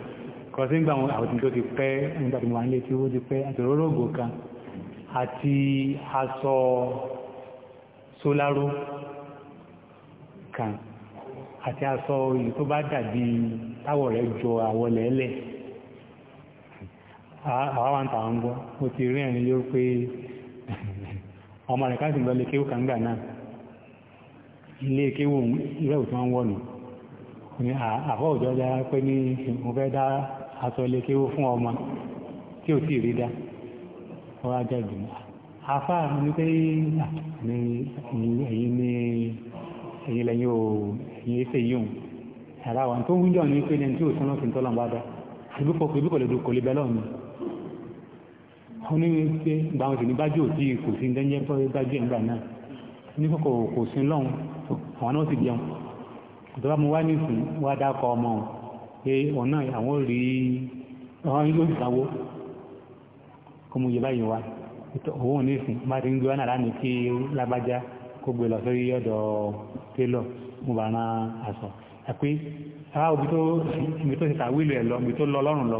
kọ̀sí ń gbà àwọn àwọn tó ti pẹ́ nígbà ti pẹ́ àti kan àti àti aṣọ tó bá dàbí táwọ̀ rẹ̀ jọ àwọ̀ lẹ́lẹ̀ àwọn àwọn gbọ́ mo ti rí ẹ̀rin yóò pé ọmọ rẹ̀ káàkiri lọ lè ilé òjò ọjà pé ní àtọ̀lẹ́kẹ́wó fún ọmọ tí ò tí rí dá ọwọ́ ajá ìgbìmọ̀ afá ní pé ẹ̀yìn ní ẹ̀yìn lẹ́yìn o ẹ̀fẹ́ yíò ara wa tó wúndọ̀ ní pé ní tí ò sọ́nà fìntọ́ lọ́n bá dá ìbúkọ̀ ìbúkọ̀ lè dùn lè bẹ́lọ́ mi pé ọ̀nà àwọn rí ọ̀hán yóò ìdáwó kó mú yẹ báyìí wá òun ní ìsìn bá ti ń gbé wá nàrá ní kí lágbájá kó gbé lọ sórí ọ̀dọ̀ télọ̀ mo bá rán aṣọ àpé ara òbí tó ibi tó ti tàwílù ẹ̀ lọ ibi tó lọ lọ́rùn lọ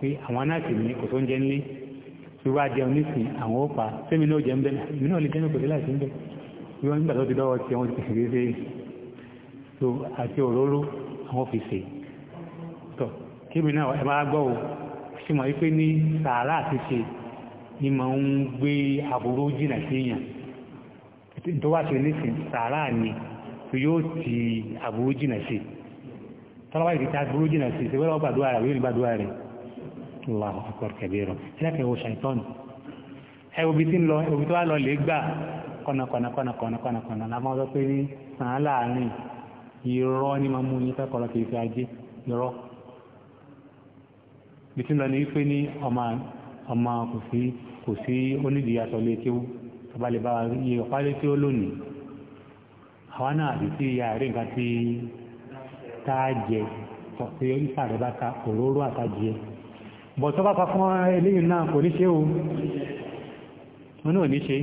pé àwọn anáàtì ní kò tó ń jẹ nílé tí wá jẹun nísìn àwọn ó pa sẹ́mi náà jẹun bẹ́ẹ̀ ìbí náà lè jẹun kò sí láì sí ń bẹ̀ wíwọ́n nígbà tó ti dọ́wọ́ tí wọ́n ti pèsè àti òróró àwọn fi kébì náà ẹ máa gbọ́ o ṣe mọ̀ wípé ní sàárà ti ni mọ̀ ń gbé àbúrò jìnà sí èèyàn tó wá ṣe nísìn sàárà ni tó yóò ti àbúrò jìnà sí tọ́lọ́wà ìdí tí àbúrò jìnà sí ṣe wẹ́rọ gbàdúrà rẹ̀ yóò gbàdúrà rẹ̀ Allahu akbar kabira ẹlẹ́kẹ̀ wo ṣàìtọ́n ẹ obi tí ń lọ obi tó wá lọ lè gbà kọ̀nàkọ̀nàkọ̀nàkọ̀nàkọ̀nà bìtí lọ ní wípé ní ọmọ kò sí kò sí onídìí àtọ̀lé kéwú tọ́balẹ̀ bá iye ọ̀pálẹ́ tí ó lónìí àwọn náà àti tí ìyá rẹ̀ nǹkan tí táàjẹ tọ́sí ìfà rẹ̀ bá ka òróró àtàjẹ bọ̀ tọ́ bá pa fún eléyìí náà kò ní ṣe o wọn náà ní ṣe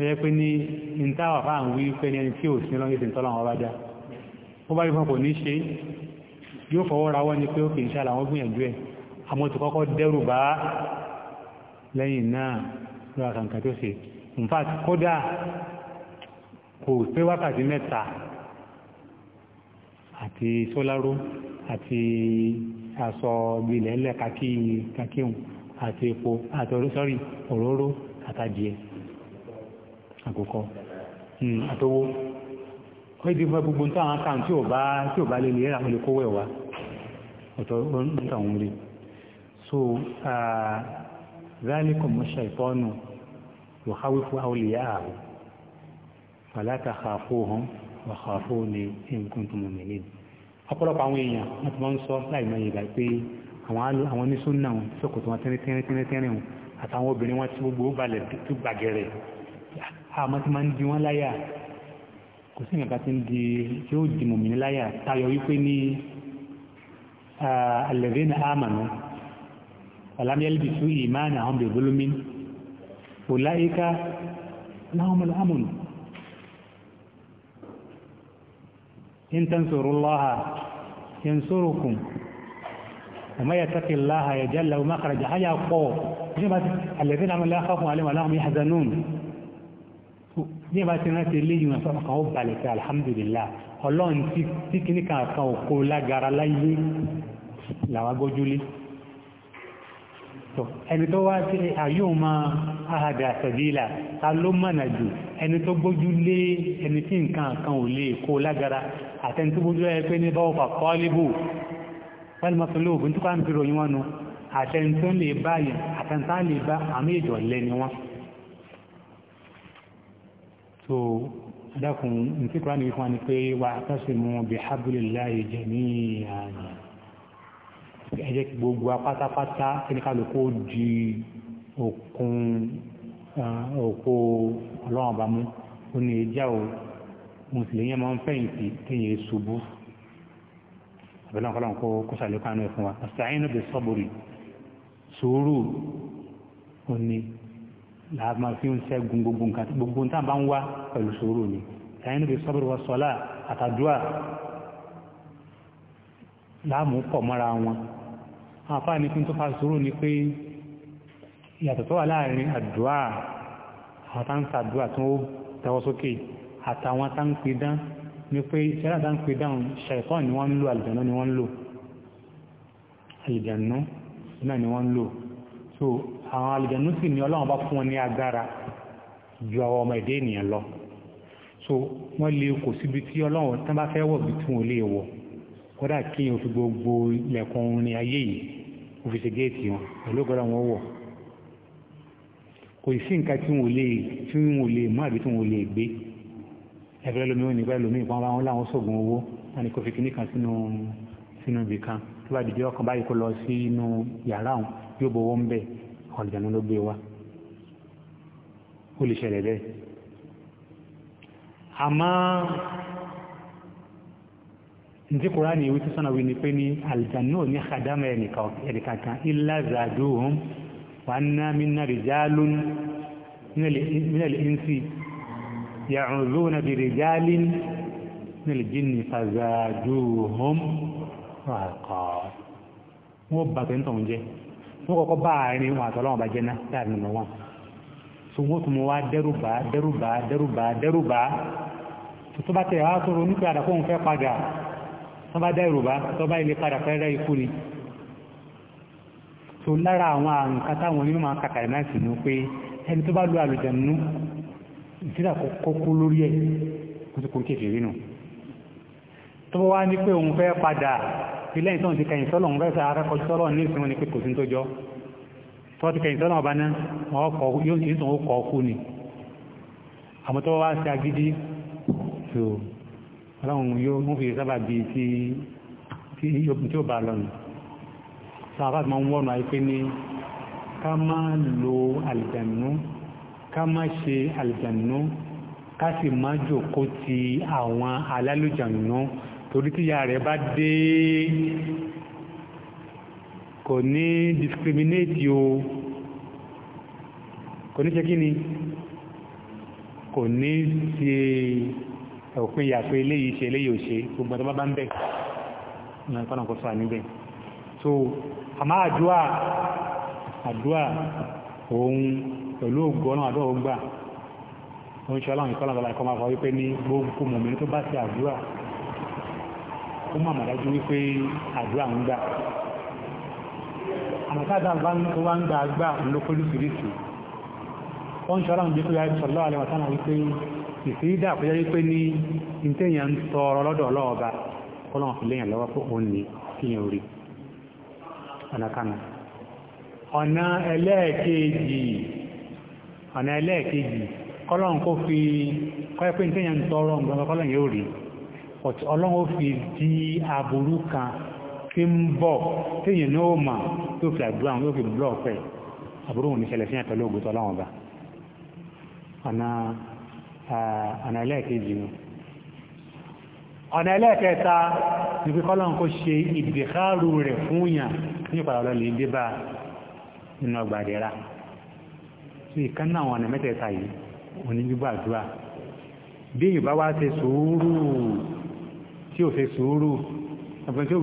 ẹyẹ pé ní ìntàwà fáà ń wí ní ẹni tí ò sí lọ́yìn ń tọ́lọ́wọ́ bá já ó bá rí fún kò ní ṣe yóò fọwọ́ ra wọ́n ni pé ó kì í ṣàlà wọ́n gbìyànjú ẹ̀ àmọ́ ti kọ́kọ́ dẹ́rù bá lẹ́yìn náà ló ra kàǹkà tó ṣe in fact kódà kò pé wákàtí mẹ́ta àti sóláró àti aṣọ gbilẹ̀ ńlẹ̀ kakíhùn àti epo àti sọ́rí òróró àtàdìẹ àkókò hmm, àtowó ó ìdí fún gbogbo nǹkan àwọn kan ò bá lè lè rà lè kówó ọ̀tọ̀ onítàwọn rí so zalikum shaitanu yukhawifu awliya'ahu fala takhafuhum wa khafuni in kuntum mu'minin ọ̀pọ̀lọpọ̀ àwọn èèyàn wọ́n ti máa ń sọ láì mọ ìgbà pé àwọn oníṣúná wọn sókòtò wọn tẹ́rẹ́tẹ́rẹ́tẹ́rẹ́ wọn àtàwọn obìnrin wọn tí gbogbo balẹ̀ tó gbàgẹ̀rẹ̀ àmọ́ tí máa ń di wọ́n láyà kò sí ìgbà tí ó di mòmìnir láyà tayọ wípé ní آه، الذين آمنوا ولم يلبسوا إيمانهم بظلم أولئك لهم الأمن إن تنصروا الله ينصركم وما يتقي الله يجعل له مخرج حيا قوة الذين آمنوا لا خوف عليهم ولا هم يحزنون ní الناس اللي rántí ilé yìí wọn fọ́nkan ó balẹ̀ sí alhamdulillah ọlọ́run tí kíníkà kan ò kó làwà gójúlé tó ẹni tó wá sí àyíò máa ahàdà àṣẹ̀dílà ta ló mọ̀nà jù ẹni tó gbójúlé ẹni tí nǹkan kan ò lè kó lágara àtẹni tó gbójúlé ẹgbẹ́ ní bá ọkọ̀ kọ́ọ́lébù pẹ́lúmọ́tòló òbí tó ká ń fi ròyìn wọn nu àtẹni tó lè lè bá àmì ìjọ̀lẹ́ ni wọ́n ẹ jẹ́ kí gbogbo apátápátá kíníkàlùkù ó di òkun òpó ọlọ́run ọba ó ní ẹjá o mùsùlùmí máa ń fẹ̀yìntì kéèyàn ṣubú àbẹ̀lẹ̀ ọ̀kọ́lọ́run kó kó ṣàlékún àánú ẹ̀ fún wa àṣàyìn náà bẹ̀ sọ́bùrì sùúrù ó ní làbà fi ń ṣẹ́gun gbogbo nǹkan gbogbo nǹkan bá ń wá pẹ̀lú sùúrù ni àṣàyìn náà bẹ̀ sọ́bùrì wa sọ́lá àtàdúrà láàmú pọ̀ mọ́ra wọn àfáà ní pín tó fà sùúrù ni pé ìyàtọ̀ tó wà láàrin àdúrà àtàǹsà àdúrà tó ó tẹwọ́ sókè àtàwọn táǹpé dán ni pé ìṣẹ́lá táǹpé dán ṣàìtọ́ ni wọ́n ń lò àlìjànú ni wọ́n ń lò àlìjànú náà ni wọ́n ń lò so àwọn àlìjànú sì ni ọlọ́run bá fún wọn ní agbára ju àwọn ọmọ èdè ènìyàn lọ so wọ́n lè kò síbi tí ọlọ́run tán bá fẹ́ wọ̀ bí tí wọ́n lè wọ̀ kódà kí n fi gbogbo ilẹ̀kùn orin ayé yìí òfi ṣe géètì wọn pẹ̀lú ọgọ́dọ̀ wọn wọ̀ kò sí nǹkan tí wọn ò lè tí wọn ò lè mú àbí tí wọn ò lè gbé ẹ̀fẹ́ lómi ò ní bá lómi ìpamọ́ àwọn làwọn sọ̀gùn owó wọn ni kò fi kíní kan sínú sínú ibì kan tó bá dìde ọkàn báyìí kó lọ sínú yàrá òun yóò bọ̀ wọ́n bẹ̀ ọ̀dìjànú ló gbé wa ó lè ṣẹlẹ̀ bẹ́ẹ̀ àmọ́ ntí kuraani ìwé sísọ náà wí ni pé ní alìjáná ò ní xadàmà ẹnìkankan ilá zàdúhùn wà ná minna rìjálún minal insi yàcùnzúnà bi rìjálín minal jinni fazàdúhùn ràkọ́ wọ́n bàtẹ́ ń tọ̀hún jẹ́ wọ́n kọ́kọ́ bá àárín wọn àtọ́lọ́wọ́n bá jẹ́ náà láàrin nínú wọn so wọ́n tún mọ́ wá dẹ́rùbá dẹ́rùbá dẹ́rùbá dẹ́rùbá tó tó bá tẹ̀ wá tó ronú pé àdàkóhùn fẹ́ padà tán bá dá ìrùbá tó bá ilé padà fẹ́rẹ́ ikú ni tó lára àwọn nǹkan táwọn onímọ̀ máa kàkàrí náà sì ní pé ẹni tó bá lo àlùjànnú ìsílà kókó lórí ẹ̀ kó tó kó kéfèé rí nù tó bá wá ní pé òun fẹ́ padà ilé ìtọ́n ti kẹyìn sọ́lọ̀ ń rẹ́sà akẹ́kọ̀ọ́ sọ́lọ̀ ní ìsinmi ní pé kò sí tó jọ tó ti kẹyìn sọ́lọ̀ ọlọ́run yóò mú fi sábà bí tí tí tí ó bá lọ́nà sábà ma ń wọ́nà àìpé ní ká má lo àlìjànú ká má ṣe àlìjànú ká sì má jòkó ti àwọn alálùjànú torí tíya rẹ̀ bá dé kò ní discriminate o kò ní ṣe kí ni kò ní ṣe òfin yàtọ̀ eléyìí ṣe eléyìí ò ṣe gbogbo ọ̀tọ́ bá ń bẹ̀ náà kọ́nà kó sọ àníbẹ̀ so àmọ́ àdúà àdúà òun pẹ̀lú ògùn ọ̀nà àdúà ògbà ó ń ṣe ọlọ́run ìkọ́nà ọ̀la ẹ̀kọ́ máa fọ wípé ní gbogbo mòmìnir tó bá ṣe àdúà ó mà mà dájú wípé àdúà ń gbà àmọ́ táàdà tó wá ń gbà àgbà ló kó lùsìrìsì ó ń ṣe ọlọ́run gbé pé ìfìdá kọjá wípé ní ìtẹ́yàn ń tọrọ lọ́dọ̀ ọlọ́ọ̀ba ọlọ́run fi léyàn lọ́wọ́ pé òun ní kíyàn orí ọ̀nàkánà ọ̀nà ẹlẹ́ẹ̀kejì ọ̀nà ẹlẹ́ẹ̀kejì kọ́lọ́run kó fi kọ́yẹ́ ìtẹ́yàn ń tọrọ ọ̀nà ẹlẹ́ẹ̀kejì nù ọ̀nà ẹlẹ́ẹ̀kẹta ní pé kọ́lọ́n kó ṣe ìdìkárù rẹ̀ fún yàn ní ìpàdàlọ́ lè dé bá nínú ọgbàdẹ̀ra tí ìkan náà wọn ọ̀nà mẹ́tẹ̀ẹ̀ta yìí òní gbígbàdúrà bí yorùbá wá ṣe sùúrù tí ò ṣe sùúrù ọ̀pọ̀ tí ó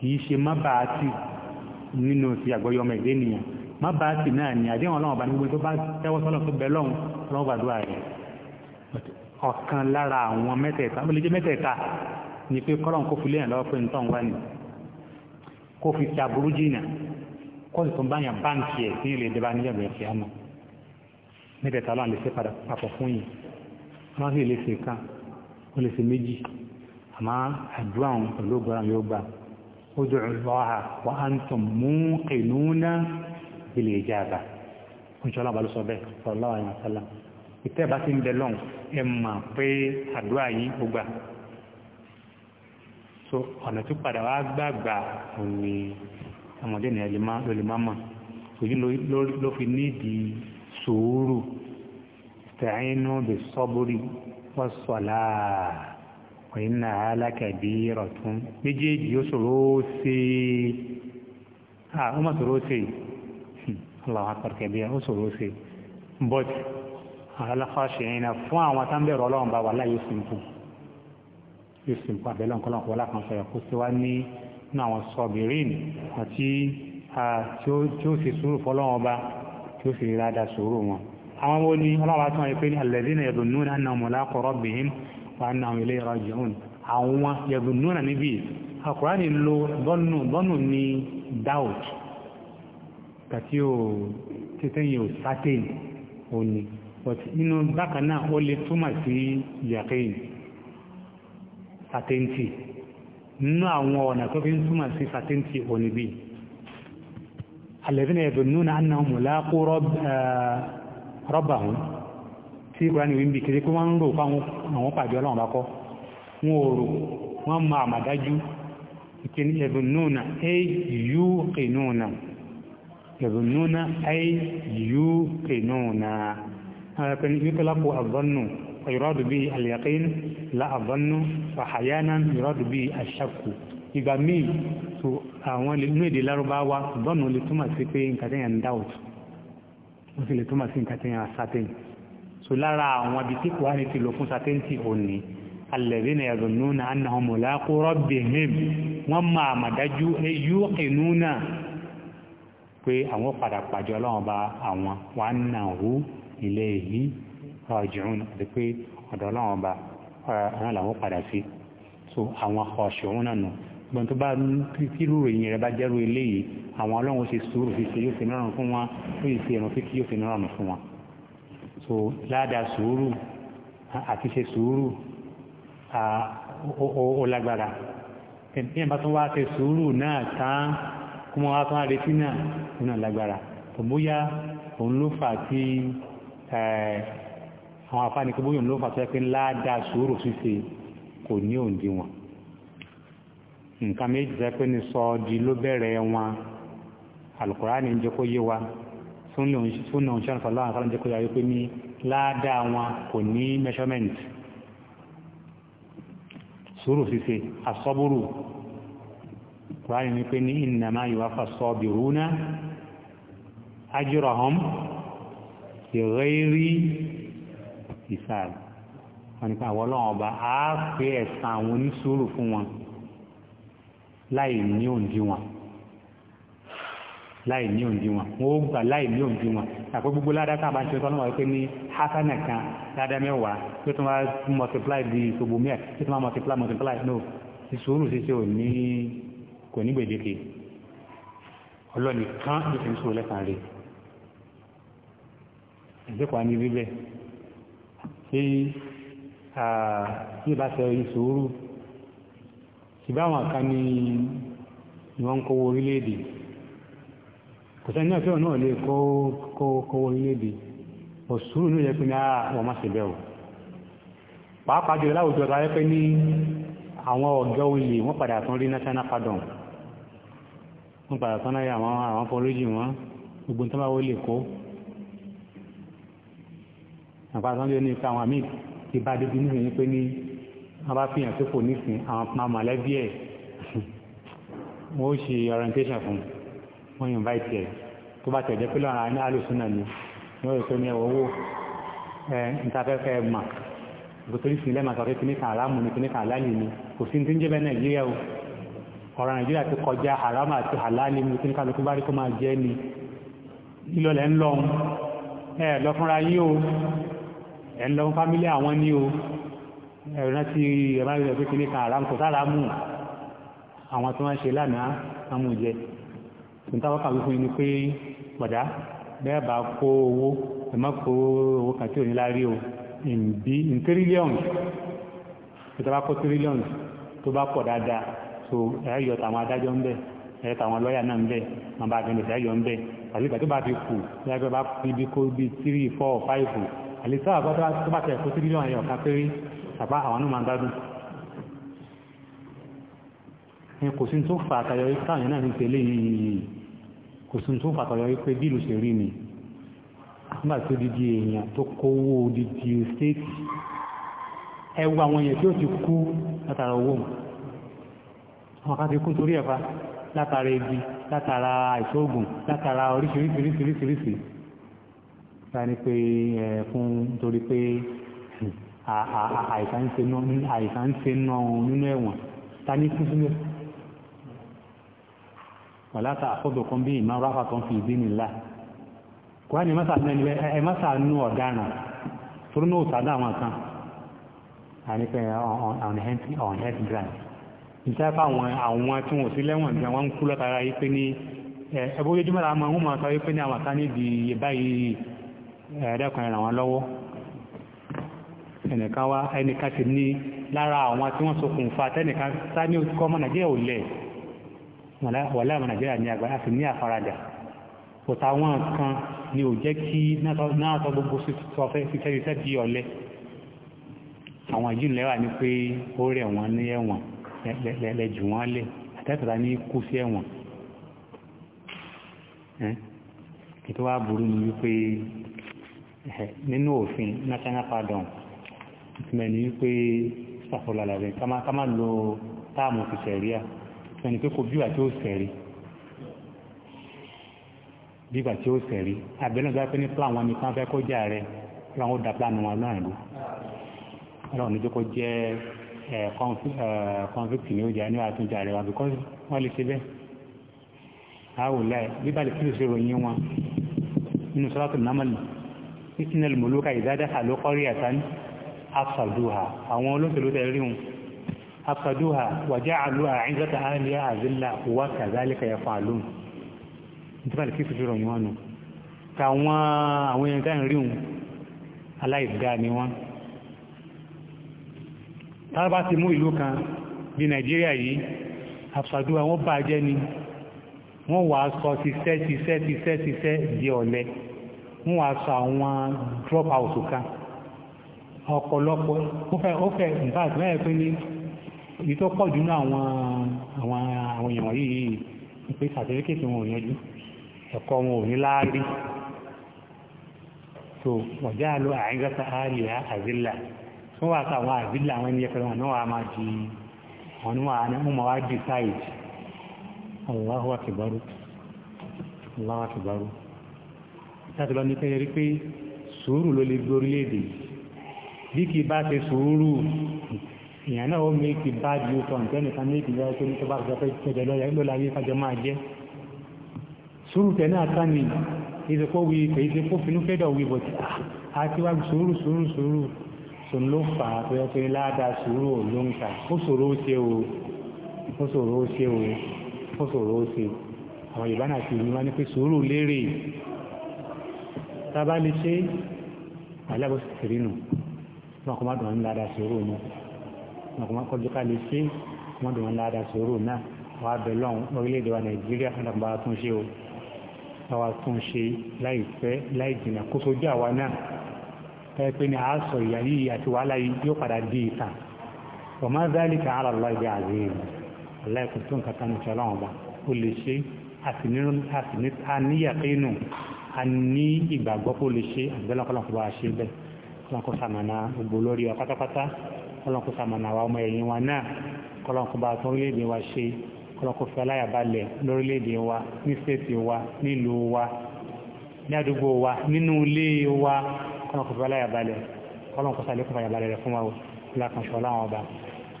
kìí ṣe mábàátì nínú ti àgbọ́yọ ọmọ ìdé nìyàn mábàátì náà ni àdéhùn ọlọ́run ọba ní gbogbo tó bá tẹ́wọ́ sọ́lọ́ tó bẹ lọ́hùn ọlọ́run gbàdúrà rẹ̀ ọ̀kan lára àwọn mẹ́tẹ̀ẹ̀ta ó lè jẹ́ mẹ́tẹ̀ẹ̀ta ni pé kọ́lọ́n kó fi léyìn lọ́wọ́ pé nǹkan wá ni kó fi ṣe aburú jìnà kó sì tún báyàn báǹkì ẹ̀ sí ilé ìjọba níjọba ẹ̀fẹ́ àmọ́ mẹ́tẹ̀ẹ̀ta ọlọ́run lè ṣe padà papọ̀ fún yìí wọ́n sì lè ṣe kan ó lè ṣe méjì àmọ́ àdúrà òun pẹ̀lú ògbọ́ràn yóò gbà ادعوا الله وأنتم موقنون بالإجابة إن شاء الله بالو صلى الله عليه وسلم ìtẹ́ẹ̀bá ti ń في lọ́n ẹ mà pé àdúrà yín ó gbà so ọ̀nà tó padà wá gbàgbà òní ọmọdé ní ẹlẹ́mà lọ́lẹ́màmà òyí ló fi nídìí sùúrù tẹ̀yìn náà bẹ sọ́búrì wọ́n sọ̀lá ìnà alákàbí rọ̀tún méjèèjì ó ṣòro ó ṣe à ó má ṣòro ó ṣe Allahu akbar kabira ó ṣòro ó ṣe but aláfàṣẹ́yìnà fún àwọn tábẹ̀rọ ọlọ́run bá wà láyé simple yóò simple abẹ́lẹ́ nǹkan lọ́kọ́ lákan sọ̀rọ̀ kó sí wá ní ní àwọn sọ̀bìrín àti tí ó sì sùúrù fọlọ́run ọba tí ó sì rí dáadáa sùúrù wọn àwọn wo ni ọlọ́run bá tún wáyé pé alladhina yadhunnuna fàánà àwọn ilé ìrajiun àwọn yẹ̀gùnúnà níbi Al-Qur'ani lo dọ́nù dọ́nù ní doubt kàtí ò títẹ́yìn ò certain ò ní but nínú bákan náà ó lè túmọ̀ sí yaqin certainty nínú àwọn ọ̀nà tó fi ń túmọ̀ sí certainty ò ní bí alladhina yadhunnuna annahum mulaqu eh, rabbahum tí ìkùránì wí ń bi kiri pé wọ́n ń rò fáwọn àwọn pàdé ọlọ́run bá kọ́ wọn ò rò wọ́n mọ àmàdájú ìkíní ẹ̀bùnúnà ẹ̀yùkìnúnà ẹ̀bùnúnà ẹ̀yùkìnúnà ẹ̀pẹ̀ ní ìpínlẹ̀pọ̀ àbọ́nù ìrọ́dù bí alìyàkín láàbọ́nù fàhàyánà ìrọ́dù bí àṣàkù ìgbà míì tó àwọn inú èdè lárúbáwá bọ́nù lè so lára àwọn ibi tí kùránì ti lò fún sàtẹ́ǹtì òní alladhina yazunnuna annahum mulaqu rabbihim wọ́n máa màdájú yuqinuna pé àwọn padà pàjọ ọlọ́run bá àwọn wa annahu ilayhi raji'un àti pé ọ̀dọ̀ ọlọ́run bá eh, ọ̀rọ̀ làwọn padà sí so àwọn ọ̀ṣọ́run náà nù gbọ́n tó bá kírú ìyìn rẹ̀ bá jẹ́rú eléyìí àwọn ọlọ́run ó ṣe sùúrù fi ṣe yóò fi nírọ̀rùn fún wọn ó sì ṣe ẹ̀rùn fi yóò fi nírọ̀rùn fún wọn so ládàá sùúrù àti ṣe sùúrù ó lágbára ní ẹ̀bá tó wá ṣe sùúrù náà tán kó mọ́ wá tó wá retí náà nínú lágbára tó bóyá òun ló fà tí àwọn afáni kó bóyá òun ló fà tó yẹ pé ládàá sùúrù ṣíṣe kò ní òǹdíwọ̀n nǹkan méjì jẹ́ pé sọ di ló bẹ̀rẹ̀ wọn Al-Qur'ani ń yé wa súnà òṣìṣẹ́ àfàlà àfàlà jẹ́ kó yà wípé ní ládàá wọn kò ní measurement sùúrù ṣíṣe asọ́bùrù kùránì wípé ní ìnàmá ìwáfà sọ́bìrúnà ajírọ̀hún ìrẹ́rí ìsáàlì wọn nípa àwọn ọlọ́run ọba á pé ẹ̀san àwọn onísùúrù fún wọn láì ní òǹdíwọ̀n láì ní òǹdíwọ̀n wọn ó gbà láì ní òǹdíwọ̀n àpò gbogbo ládàkà bá ń ṣe tọ́lọ́wọ́ pé ní hasana kan ládà mẹ́wàá tó tún wá multiply di ìṣògbò mẹ́ẹ̀ tó tún wá multiply multiply no ìṣòro ṣíṣe ò ní kò ní gbèdéke ọlọ́ni kan ló fi ń ṣòro lẹ́sàn rẹ̀ ìdẹ́kọ̀ọ́ ní rí bẹ́ẹ̀ ṣé bí ìbá ṣe ìṣòro ṣùgbọ́n àwọn kan ní wọ́n ń kówó orílẹ̀-èdè kò sẹ́ni náà fẹ́ràn náà lè kówó níbi òṣùrù ní ìyẹ́pẹ́ ah, ní àwọn ọmọ ṣe bẹ́ẹ̀ o pàápàá jùlọ láwùjọ ta yẹ́pẹ́ ní àwọn ọ̀gá olè wọ́n padà tán rí national pardon wọ́n padà tán láyé àwọn àwọn foríjì wọn gbogbo tó bá wọlé kó àpáta lé ní ipa àwọn àmì ìbádébí nínú yìí pé ní wọ́n bá fi hàn sípò nísìn àwọn wọ́n invite ẹ̀ tó bá tẹ̀jẹ́ pé lọ́ra ní alùsùn náà ni wọ́n rẹ̀ tó ní ẹwọ owó ìtafẹ́fẹ́ mà gbòtòrí sílẹ̀ máa sọ pé kìnnìkan aráàmù ni kìnnìkan aláàlì ni kò sí ní jẹ́ bẹ́ nàìjíríà o ọ̀rọ̀ nàìjíríà ni kìnnìkan lókun bá rí kó máa jẹ́ ni ìlọlẹ̀ ń lọ ẹ lọ fúnra yín o ẹ ń lọ fún fámílì àwọn ní o ẹ rántí ẹ má rí rẹ pé kìnnìkan àwọn tí wọ́n ṣe lánàá àmújẹ nítawọ́kà wípé ni pé pàdá bẹ́ẹ̀ bá kó owó ẹ má kó owó kan tí ò ní lárí o ìbí in tírílíọ̀nù tó kó tírílíọ̀nù tó bá pọ̀ dáadáa so ẹ̀yà yọ tàwọn adájọ́ ń bẹ ẹ̀yà tàwọn lọ́ọ̀yà náà ń bẹ wọn bá gbẹ̀mẹ̀sẹ̀ ẹ̀yà yọ ń bẹ àti ìgbà tó bá fi kù lẹ́gbẹ̀ẹ́ bá fi bí kó bí tírí fọ́ kò sí tó fà àtàyọ ipá àyàn náà ní tẹ̀lé yìí kò sí tó fà àtàyọ ipé bílù ṣe rí ni nígbà tó didi èèyàn tó kówó didi stéètì ẹwà àwọn èèyàn tí ó ti kú látara owó àwọn kan ti kú torí ẹ̀fà látara ebi látara ìṣòògùn látara oríṣiríṣiríṣiríṣiríṣi láti pé ẹ fún torí pé àìsàn ń ṣe nínú ẹ̀wọ̀n ta ní kú sílẹ̀ wàlá ta'khudhukum bihi ra'fatun fi dinillah kùránì mọ́sà nẹ́ni ẹ mọ́sà nú ọ̀daràn torí náà sàdá àwọn kan àníkẹ́ on health grant ìṣẹ́ fáwọn àwọn tí wọ́n sí lẹ́wọ̀n gan wọ́n ń kú lọ́tara yí pé ní ẹgbójúmọ́ la máa ń mọ̀ sọ pé ní àwọn kan níbi báyìí eh, ẹ̀ẹ́dẹ́kùnrin ràn wọ́n lọ́wọ́ ẹnìkan wá ẹnìkan ti ní lára àwọn tí wọ́n ṣokùnfà tẹ́nìkan sáà ní kọ́mọ nàìjíríà ò lẹ̀ wàhálà àwọn nàìjíríà ní àgbà àti ní àfaradà òtà àwọn kan ni ò jẹ́ kí náà sọ gbogbo sísẹ́sẹ́ di ọ̀lẹ àwọn ìjìnlẹ̀ wà ní pé ó rẹ̀ wọ́n ní ẹ̀wọ̀n lẹ́jù wọ́n lẹ̀ àtẹ́tàtà ní kú sí ẹ̀wọ̀n ètò wá burú ni wípé nínú òfin national pardon ìtumẹ̀ ni wípé sàfọ́lá làbẹ̀ ká má lo táàmù ti sẹ́ni pé kò bí wà tí ó sẹ̀rí bí wà tí ó sẹ̀rí àbẹ̀lẹ̀ tó bá pẹ́ ní plan wọn ni kí wọ́n fẹ́ kó jà rẹ kí wọ́n da plan wọn náà lù ọlọ́run ní kó jẹ́ conflict ní ó jà ní àtúnjà rẹ wa because wọ́n lè ṣe bẹ́ẹ̀ àwòlẹ́ bíbálẹ̀ kí ló ṣe ròyìn wọn nínú sọ́látù námàlì ìsinẹ̀lì mọ̀lúkà ìdádá àlókọ́rí àtàní àfàdúhà àwọn olóṣèlú tẹ̀rí wọn أفسدوها وجعلوا أعزة أهلها أذلة وكذلك يفعلون nítorí àlè kíkù jùlọ ni wọ́n nù tàwọn àwọn èèyàn dáhùn ríhùn aláìsídá ni wọ́n tàbí bá ti mú ìlú kan bí Nàìjíríà yìí àfàdúwà wọ́n bà jẹ́ ni wọ́n wà sọ tìṣẹ́ tìṣẹ́ tìṣẹ́ tìṣẹ́ di ọ̀lẹ wọ́n wà sọ àwọn drop out kan ọ̀pọ̀lọpọ̀ ó fẹ́ ó fẹ́ nǹkan àti mẹ́rin pé ní èyí tó pọ̀ jù náà àwọn àwọn àwọn èèyàn wọ̀nyí yìí ni pé sàtífíkẹ́tì wọn ò yanjú ẹ̀kọ́ wọn ò ní láárí so wọ̀já ló àìgbàta àríyá àzílà wọ́n wá sáwọn àzílà àwọn ẹni ẹ̀fẹ́ wọn náà máa di wọn ní wọn máa wá di sáìdì Allahu akbaru Allahu akbaru láti lọ ní kẹ́yẹ rí pé sùúrù ló lè gbórílẹ̀-èdè bí kì bá ṣe sùúrù èèyàn náà ó méjì bá di ó tọ̀ nǹkan nìkan méjì lọ́wọ́ tó ní tó bá gbọ́pẹ́ jẹjẹ lọ́yà ló láyé máa jẹ́ sùúrù náà tán ni ìsìnkó wí kèyí ti kó finú fẹ́dọ̀ wí bọ̀ tí ah, a ti wá sùúrù sùúrù sùúrù sùn ló fà á pé ọkùnrin ládàá sùúrù ò ló ń kà ó ṣòro ó ṣe o ó ṣòro ó ṣe o ó ṣòro ó ṣe àwọn Yorùbá náà ti ní wá ní pé sùúrù lérè tábà lè ṣe alábòsí tìrínù wọn kò má dùn án ládàá sùúrù náà nàkùnmá kọjú ká lè ṣe wọ́n dùn láàdá sòrò náà wà á lọ́wọ́ orílẹ̀-èdè wa nàìjíríà nàkùnmá tún ṣe o àwa tún ṣe láìpẹ́ láì jìnà kó sojú àwa náà ẹ pé ni a sọ ìyá yìí àti wàhálà yìí yóò padà di ìtàn wa ma zalika ala Allah bi azim aláìkú tó nǹkan kan nìṣẹ́ ọlọ́run ọba ó lè ṣe àníyàkénu àní ìgbàgbọ́ kó lè ṣe àgbẹ̀lọ́kọ́lọ́kọ́ bá ṣe bẹ́ẹ̀ lọ́kọ́ sàmànà gbogbo lórí ọ pátápátá kọlọ́nkó sàmànà wa ọmọ ẹ̀yìn wa náà kọlọ́nkó bá tó orílẹ̀-èdè wa ṣe kọlọ́nkó fi aláyàbalẹ̀ lórílẹ̀-èdè wa ní stéètì wa nílùú wa ní àdúgbò wa nínú ilé wa kọlọ́nkó fi aláyàbalẹ̀ kọlọ́nkó sàlékún fàyàbalẹ̀ rẹ̀ fún wa lákànṣọ́ láwọn ọba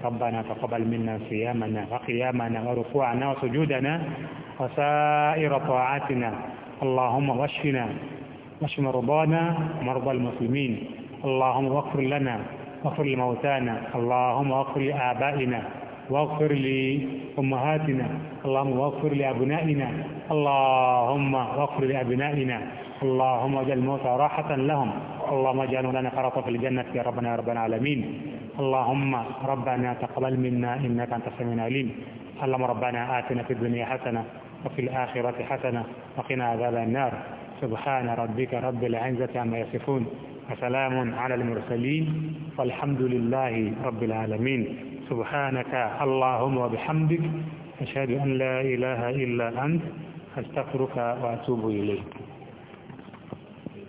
ربنا تقبل منا صيامنا وقيامنا وركوعنا وسجودنا وسائر طاعاتنا اللهم واشفنا واشف مرضانا ومرضى المسلمين اللهم واغفر لنا واغفر لموتانا اللهم واغفر لآبائنا واغفر لأمهاتنا اللهم واغفر لأبنائنا اللهم واغفر لأبنائنا اللهم اجعل الموت راحة لهم اللهم اجعله لنا فرطا في الجنة يا ربنا يا رب العالمين اللهم ربنا تقبل منا إنك أنت السميع العليم اللهم ربنا آتنا في الدنيا حسنة وفي الآخرة حسنة وقنا عذاب النار سبحان ربك رب العزة عما يصفون وسلام على المرسلين والحمد لله رب العالمين سبحانك اللهم وبحمدك أشهد أن لا إله إلا أنت أستغفرك وأتوب إليك